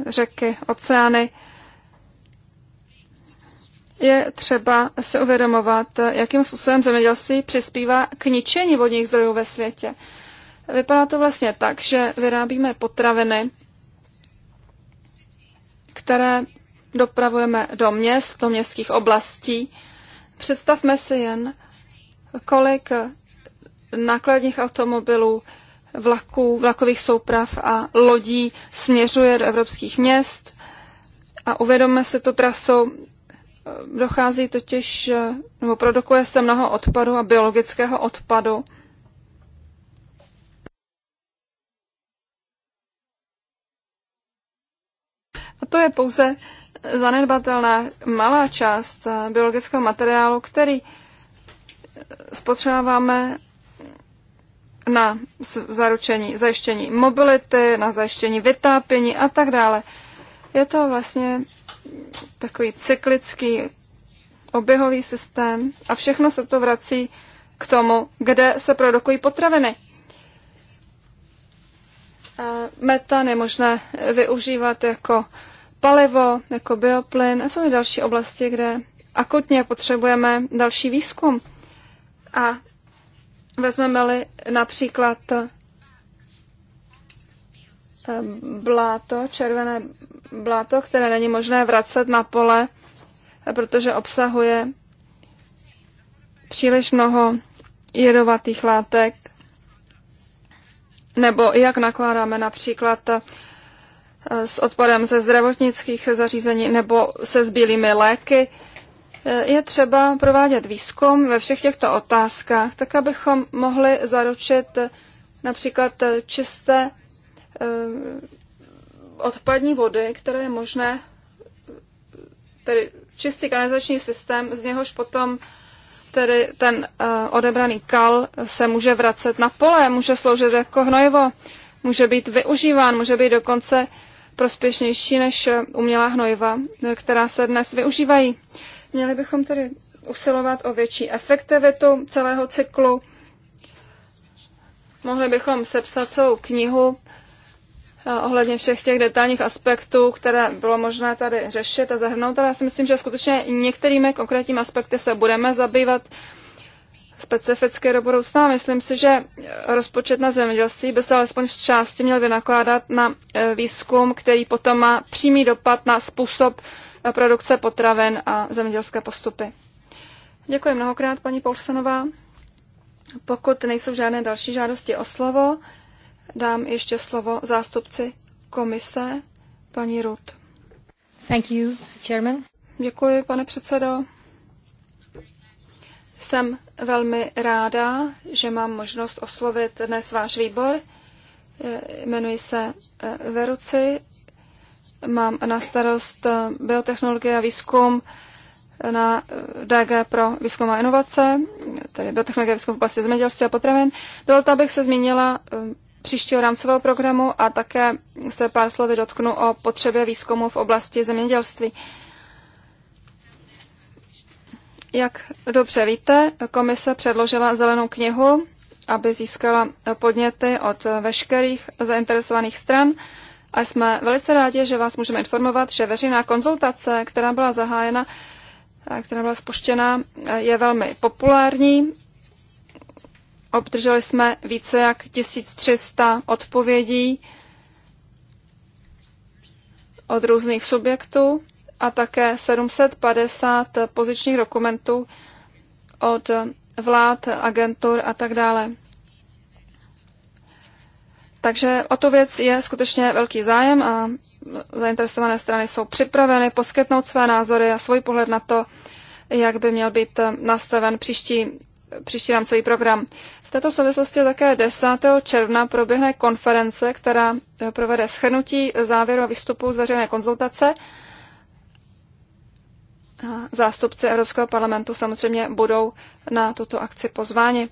řeky, oceány, je třeba si uvědomovat, eh, jakým způsobem zemědělství přispívá k ničení vodních zdrojů ve světě. Vypadá to vlastně tak, že vyrábíme potraviny, které dopravujeme do měst, do městských oblastí. Představme si jen, kolik nákladních automobilů, vlaků, vlakových souprav a lodí směřuje do evropských měst. A uvědomme se to trasou, dochází totiž, nebo produkuje se mnoho odpadu a biologického odpadu. A to je pouze zanedbatelná malá část biologického materiálu, který spotřebáváme na zaručení, zajištění mobility, na zajištění vytápění a tak dále. Je to vlastně takový cyklický oběhový systém a všechno se to vrací k tomu, kde se produkují potraviny. Metan je možné využívat jako palivo, jako bioplyn. A jsou i další oblasti, kde akutně potřebujeme další výzkum. A vezmeme-li například eh, bláto, červené bláto, které není možné vracet na pole, protože obsahuje příliš mnoho jedovatých látek, nebo jak nakládáme například eh, s odpadem ze zdravotnických zařízení nebo se zbylými léky. Eh, je třeba provádět výzkum ve všech těchto otázkách, tak abychom mohli zaručit eh, například eh, čisté odpadní vody, které je možné, tedy čistý kanalizační systém, z něhož potom tedy ten odebraný kal se může vracet na pole, může sloužit jako hnojivo, může být využíván, může být dokonce prospěšnější než umělá hnojiva, která se dnes využívají. Měli bychom tedy usilovat o větší efektivitu celého cyklu. Mohli bychom sepsat celou knihu eh, ohledně všech těch detailních aspektů, které bylo možné tady řešit a zahrnout, ale já si myslím, že skutečně některými konkrétními aspekty se budeme zabývat specificky do budoucna. Myslím si, že rozpočet na zemědělství by se alespoň z části měl vynakládat na eh, výzkum, který potom má přímý dopad na způsob produkce potravin a zemědělské postupy. Děkuji mnohokrát, paní Polsenová. Pokud nejsou žádné další žádosti o slovo, dám ještě slovo zástupci komise, paní Ruth. Thank you, chairman. Děkuji, pane předsedo. Jsem velmi ráda, že mám možnost oslovit dnes váš výbor. Jmenuji se eh, Veruci mám na starost eh, biotechnologie a výzkum na eh, DG pro výzkum a inovace, tedy biotechnologie a výzkum v oblasti zemědělství a potravin. Dovolte, abych se zmínila eh, příštího rámcového programu a také se pár slovy dotknu o potřebě výzkumu v oblasti zemědělství. Jak dobře víte, komise předložila zelenou knihu, aby získala podněty od veškerých zainteresovaných stran a jsme velice rádi, že vás můžeme informovat, že veřejná konzultace, která byla zahájena, která byla spuštěna, je velmi populární. Obdrželi jsme více jak 1300 odpovědí od různých subjektů a také 750 pozičních dokumentů od vlád, agentur a tak dále. Takže o tu věc je skutečně velký zájem a zainteresované strany jsou připraveny poskytnout své názory a svůj pohled na to, jak by měl být nastaven příští, příští rámcový program. V této souvislosti také 10. června proběhne konference, která provede schrnutí závěru a výstupu z veřejné konzultace. Zástupci Evropského parlamentu samozřejmě budou na tuto akci pozváni.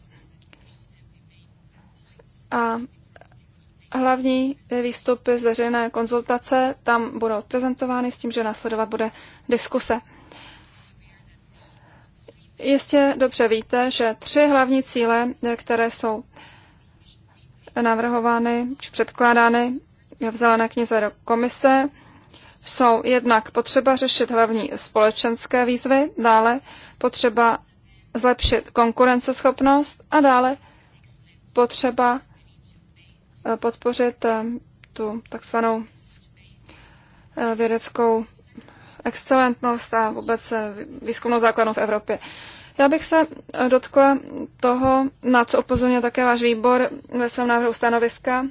A Hlavní výstupy z veřejné konzultace tam budou prezentovány s tím, že následovat bude diskuse. Jistě dobře víte, že tři hlavní cíle, které jsou navrhovány či předkládány v zelené knize do komise, jsou jednak potřeba řešit hlavní společenské výzvy, dále potřeba zlepšit konkurenceschopnost a dále potřeba podpořit eh, tu takzvanou eh, vědeckou excelentnost a vůbec eh, výzkumnou základnu v Evropě. Já bych se dotkla toho, na co upozornil také váš výbor ve svém návrhu stanoviska.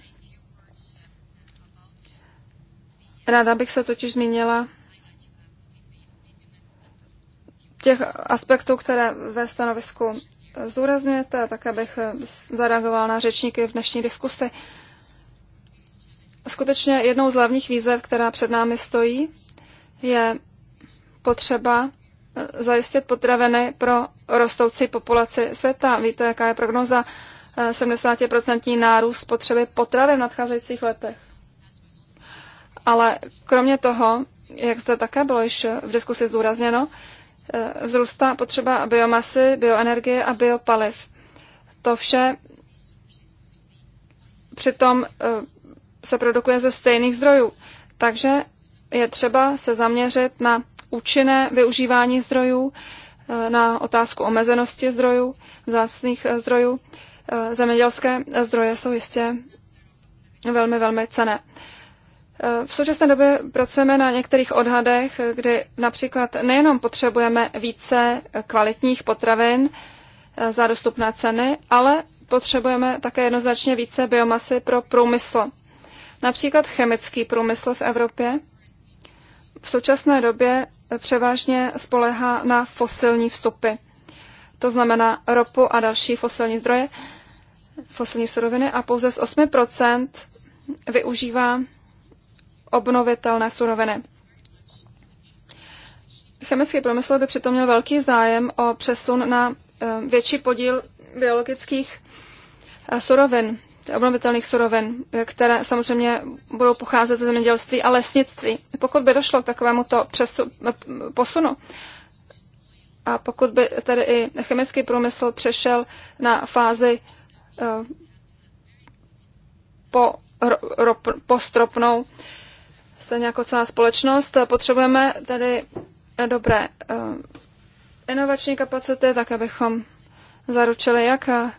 Ráda bych se totiž zmínila těch aspektů, které ve stanovisku zdůrazňujete, tak abych zareagovala na řečníky v dnešní diskusi. Uh, skutečně jednou z hlavních výzev, která před námi stojí, je potřeba eh, zajistit potraviny pro rostoucí populaci světa. Víte, jaká je prognoza 70% eh, nárůst potřeby potravy v nadcházejících letech. Ale kromě toho, jak zde také bylo již v diskusi zdůrazněno, eh, vzrůstá potřeba biomasy, bioenergie a biopaliv. To vše přitom se produkuje ze stejných zdrojů. Takže je třeba se zaměřit na účinné využívání zdrojů, e, na otázku omezenosti zdrojů, vzácných e, zdrojů. E, zemědělské zdroje jsou jistě velmi, velmi cené. V současné době pracujeme na některých odhadech, kdy například nejenom potřebujeme více kvalitních potravin za dostupné ceny, ale potřebujeme také jednoznačně více biomasy pro průmysl. Například chemický průmysl v Evropě v současné době převážně spolehá na fosilní vstupy, to znamená ropu a další fosilní zdroje, fosilní suroviny a pouze z 8% využívá obnovitelné suroviny. Chemický průmysl by přitom měl velký zájem o přesun na eh, větší podíl biologických eh, surovin obnovitelných surovin, které samozřejmě budou pocházet ze zemědělství a lesnictví. Pokud by došlo k takovému to přesu, posunu, a pokud by tedy i chemický průmysl přešel na fázi eh, po, ro, postropnou, stejně jako celá společnost, potřebujeme tedy dobré eh, inovační kapacity, tak abychom zaručili jak eh,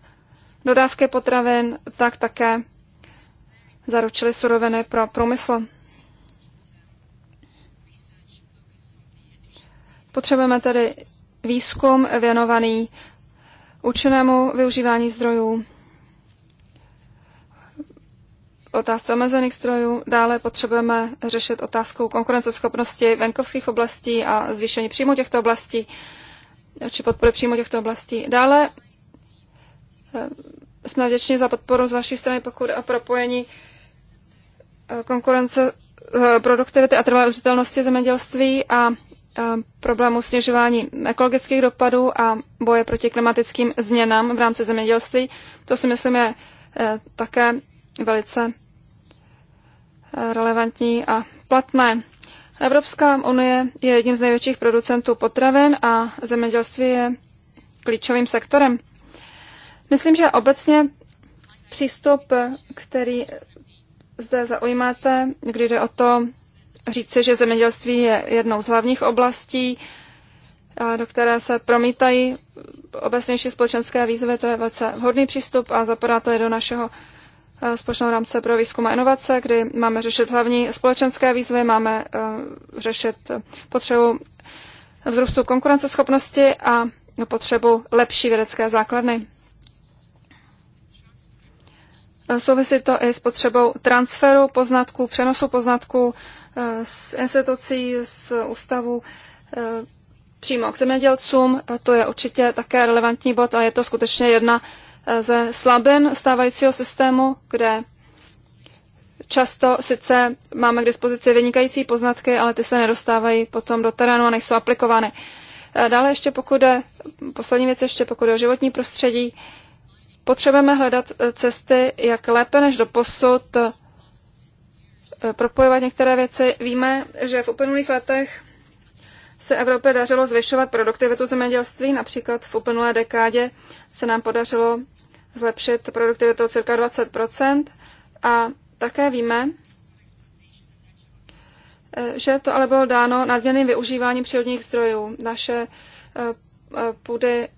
dodávky potravin, tak také zaručili suroviny pro průmysl. Potřebujeme tedy výzkum věnovaný účinnému využívání zdrojů, otázce omezených zdrojů. Dále potřebujeme řešit otázku konkurenceschopnosti venkovských oblastí a zvýšení příjmu těchto oblastí, či podpory příjmu těchto oblastí. Dále Eh, jsme vděční za podporu z vaší strany, pokud a propojení eh, konkurence eh, produktivity a trvalé užitelnosti zemědělství a problému snižování ekologických dopadů a boje proti klimatickým změnám v rámci zemědělství. To si myslím je také velice relevantní a platné. Evropská unie je jedním z největších producentů potravin a zemědělství je klíčovým sektorem. Myslím, že obecně přístup, který zde zaujímáte, kdy jde o to říci, že zemědělství je jednou z hlavních oblastí, do které se promítají obecnější společenské výzvy, to je velice vhodný přístup a zapadá to je do našeho e, společného rámce pro výzkum a inovace, kdy máme řešit hlavní společenské výzvy, máme e, řešit potřebu vzrůstu konkurenceschopnosti a potřebu lepší vědecké základny. Souvisí to i s potřebou transferu poznatků, přenosu poznatků z eh, institucí, z ústavu eh, přímo k zemědělcům. To je určitě také relevantní bod a je to skutečně jedna eh, ze slabin stávajícího systému, kde často sice máme k dispozici vynikající poznatky, ale ty se nedostávají potom do terénu a nejsou aplikovány. Dále ještě pokud je, poslední věc ještě pokud je o životní prostředí, Potřebujeme hledat eh, cesty, jak lépe než do posud eh, propojovat některé věci. Víme, že v uplynulých letech se Evropě dařilo zvyšovat produktivitu zemědělství. Například v uplynulé dekádě se nám podařilo zlepšit produktivitu o cirka 20 a také víme, eh, že to ale bylo dáno nadměrným využíváním přírodních zdrojů. Naše půdy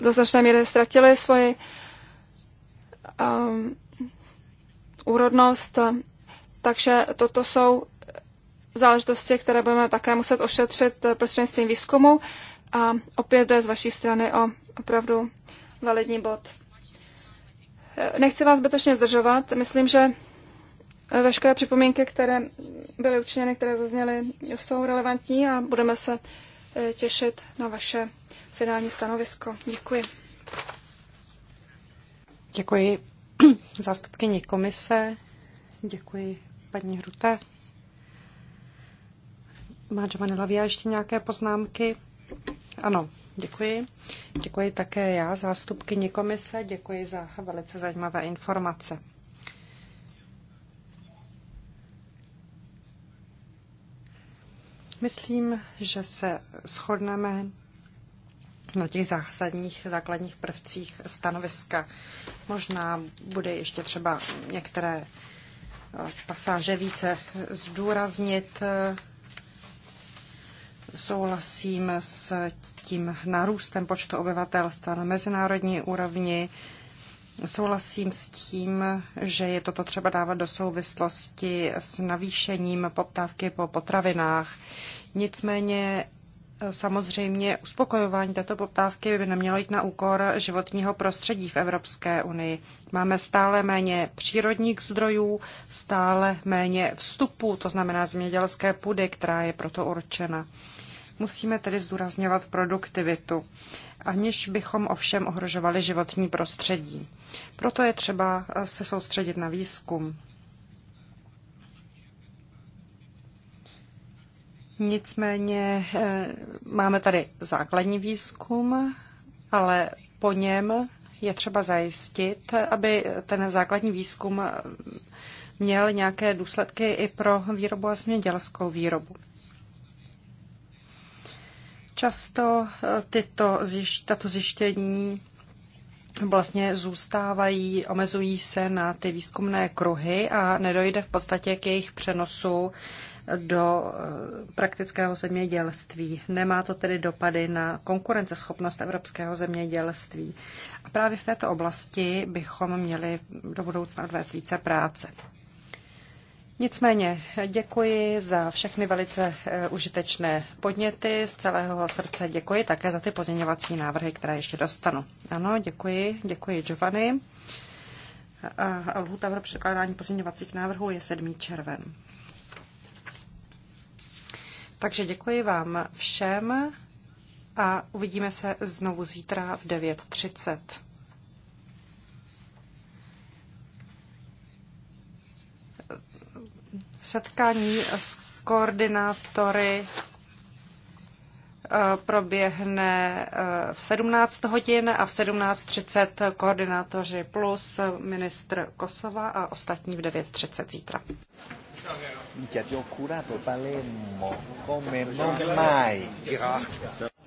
do značné míry ztratili svoji um, úrodnost. Takže toto jsou záležitosti, které budeme také muset ošetřit prostřednictvím výzkumu. A opět jde z vaší strany o opravdu validní bod. Nechci vás zbytečně zdržovat. Myslím, že veškeré připomínky, které byly učiněny, které zazněly, jsou relevantní a budeme se eh, těšit na vaše finální stanovisko. Děkuji. Děkuji zástupkyni komise, děkuji paní Hrute. Má Giovanni Lavia ještě nějaké poznámky? Ano, děkuji. Děkuji také já, zástupkyni komise, děkuji za velice zajímavé informace. Myslím, že se shodneme na těch zásadních základních prvcích stanoviska. Možná bude ještě třeba některé eh, pasáže více zdůraznit. Souhlasím s tím narůstem počtu obyvatelstva na mezinárodní úrovni. Souhlasím s tím, že je toto třeba dávat do souvislosti s navýšením poptávky po potravinách. Nicméně Samozřejmě uspokojování této poptávky by nemělo jít na úkor životního prostředí v Evropské unii. Máme stále méně přírodních zdrojů, stále méně vstupů, to znamená zemědělské půdy, která je proto určena. Musíme tedy zdůrazňovat produktivitu, aniž bychom ovšem ohrožovali životní prostředí. Proto je třeba se soustředit na výzkum. Nicméně eh, máme tady základní výzkum, ale po něm je třeba zajistit, aby ten základní výzkum měl nějaké důsledky i pro výrobu a zemědělskou výrobu. Často eh, tyto tato zjištění vlastně zůstávají, omezují se na ty výzkumné kruhy a nedojde v podstatě k jejich přenosu do eh, praktického zemědělství. Nemá to tedy dopady na konkurenceschopnost evropského zemědělství. A právě v této oblasti bychom měli do budoucna odvést více práce. Nicméně děkuji za všechny velice eh, užitečné podněty. Z celého srdce děkuji také za ty pozměňovací návrhy, které ještě dostanu. Ano, děkuji, děkuji Giovanni. Lhůta pro překládání pozměňovacích návrhů je 7. červen. Takže děkuji vám všem a uvidíme se znovu zítra v 9.30. Setkání s koordinátory eh, proběhne eh, v 17 hodin a v 17.30 koordinátoři plus ministr Kosova a ostatní v 9.30 zítra minchia ti ho curato Palermo come non mai Grazie.